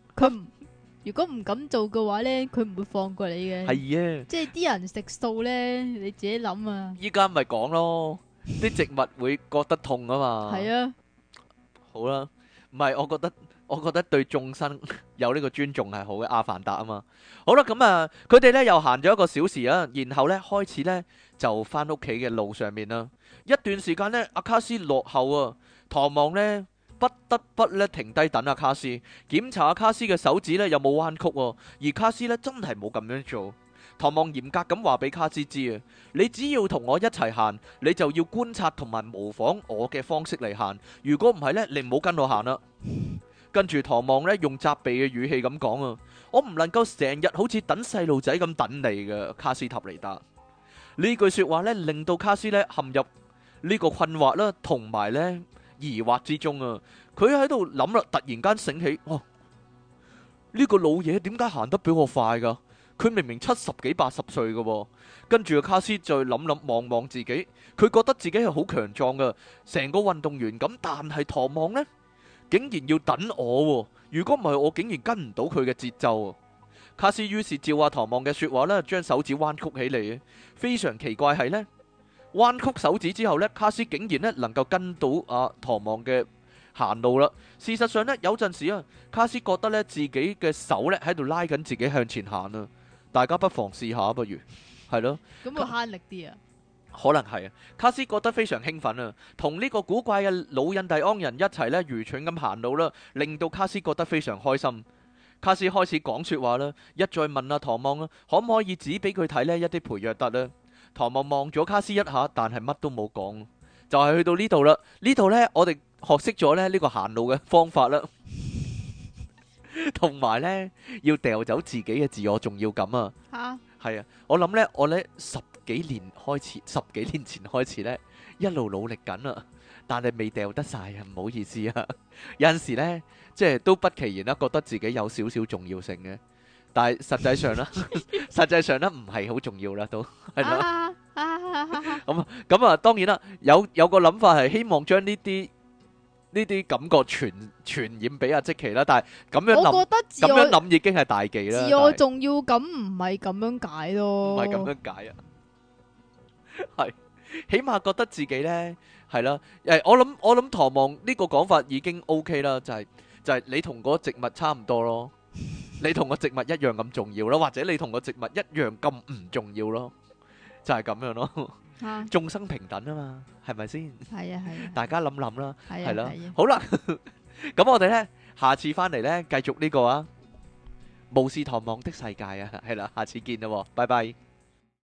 如果唔敢做嘅話呢，佢唔會放過你嘅。係呀的，即係啲人食素呢，你自己諗啊。依家咪講咯，啲 植物會覺得痛啊嘛。係啊的，好啦，唔係，我覺得我覺得，我覺得對眾生有呢個尊重係好嘅。阿凡達啊嘛，好啦，咁啊，佢哋呢又行咗一個小時啊，然後呢開始呢，就翻屋企嘅路上面啦。一段時間呢，阿卡斯落後啊，唐望呢。不得不咧停低等阿、啊、卡斯檢查下、啊、卡斯嘅手指咧有冇彎曲哦、啊。而卡斯咧真係冇咁樣做。唐望嚴格咁話俾卡斯知啊，你只要同我一齊行，你就要觀察同埋模仿我嘅方式嚟行。如果唔係咧，你唔好跟我行啦、啊。 跟住唐望咧用責備嘅語氣咁講啊，我唔能夠成日好似等細路仔咁等你噶，卡斯塔尼達。呢句說話咧令到卡斯咧陷入呢個困惑啦、啊，同埋咧。疑惑之中啊，佢喺度諗啦，突然間醒起，哦，呢、這個老嘢點解行得比我快噶？佢明明七十幾、八十歲噶，跟住阿卡斯再諗諗望望自己，佢覺得自己係好強壯嘅，成個運動員咁，但係唐望呢，竟然要等我。如果唔係，我竟然跟唔到佢嘅節奏。卡斯於是照阿唐望嘅說話呢，將手指彎曲起嚟，非常奇怪係呢。彎曲手指之後呢，卡斯竟然呢能夠跟到阿唐望嘅行路啦。事實上呢，有陣時啊，卡斯覺得呢自己嘅手呢喺度拉緊自己向前行啦、啊。大家不妨試下，不如係咯。咁會慳力啲啊？可能係啊。卡斯覺得非常興奮啊，同呢個古怪嘅老印第安人一齊呢，愚蠢咁行路啦，令到卡斯覺得非常開心。卡斯開始講說話啦，一再問阿唐望啊，可唔可以指俾佢睇呢？一啲培約特呢？唐望咗卡斯一下，但係乜都冇講，就係、是、去到呢度啦。呢度呢，我哋學識咗呢個行路嘅方法啦，同 埋呢，要掉走自己嘅自我重要感啊。吓、啊，係啊，我諗呢，我呢，十幾年開始，十幾年前開始呢，一路努力緊啊，但係未掉得晒啊，唔好意思啊。有陣時咧，即係都不其然啦，覺得自己有少少重要性嘅。但係實際上咧，實際上咧唔係好重要啦，都係咯。咁咁啊，當然啦，有有個諗法係希望將呢啲呢啲感覺傳傳染俾阿即琪啦。但係咁樣諗，咁樣諗已經係大忌啦。自我重要感唔係咁樣解咯，唔係咁樣解啊。係，起碼覺得自己咧係啦。誒，我諗我諗唐望呢個講法已經 OK 啦，就係就係你同嗰植物差唔多咯。 你同個植物一樣咁重要咯，或者你同個植物一樣咁唔重要咯，就係、是、咁樣咯。眾、啊、生平等啊嘛，係咪先？係啊係，大家諗諗啦，係咯，好啦，咁 我哋咧，下次翻嚟咧，繼續呢個啊，巫士唐望的世界啊，係啦，下次見啦，拜拜。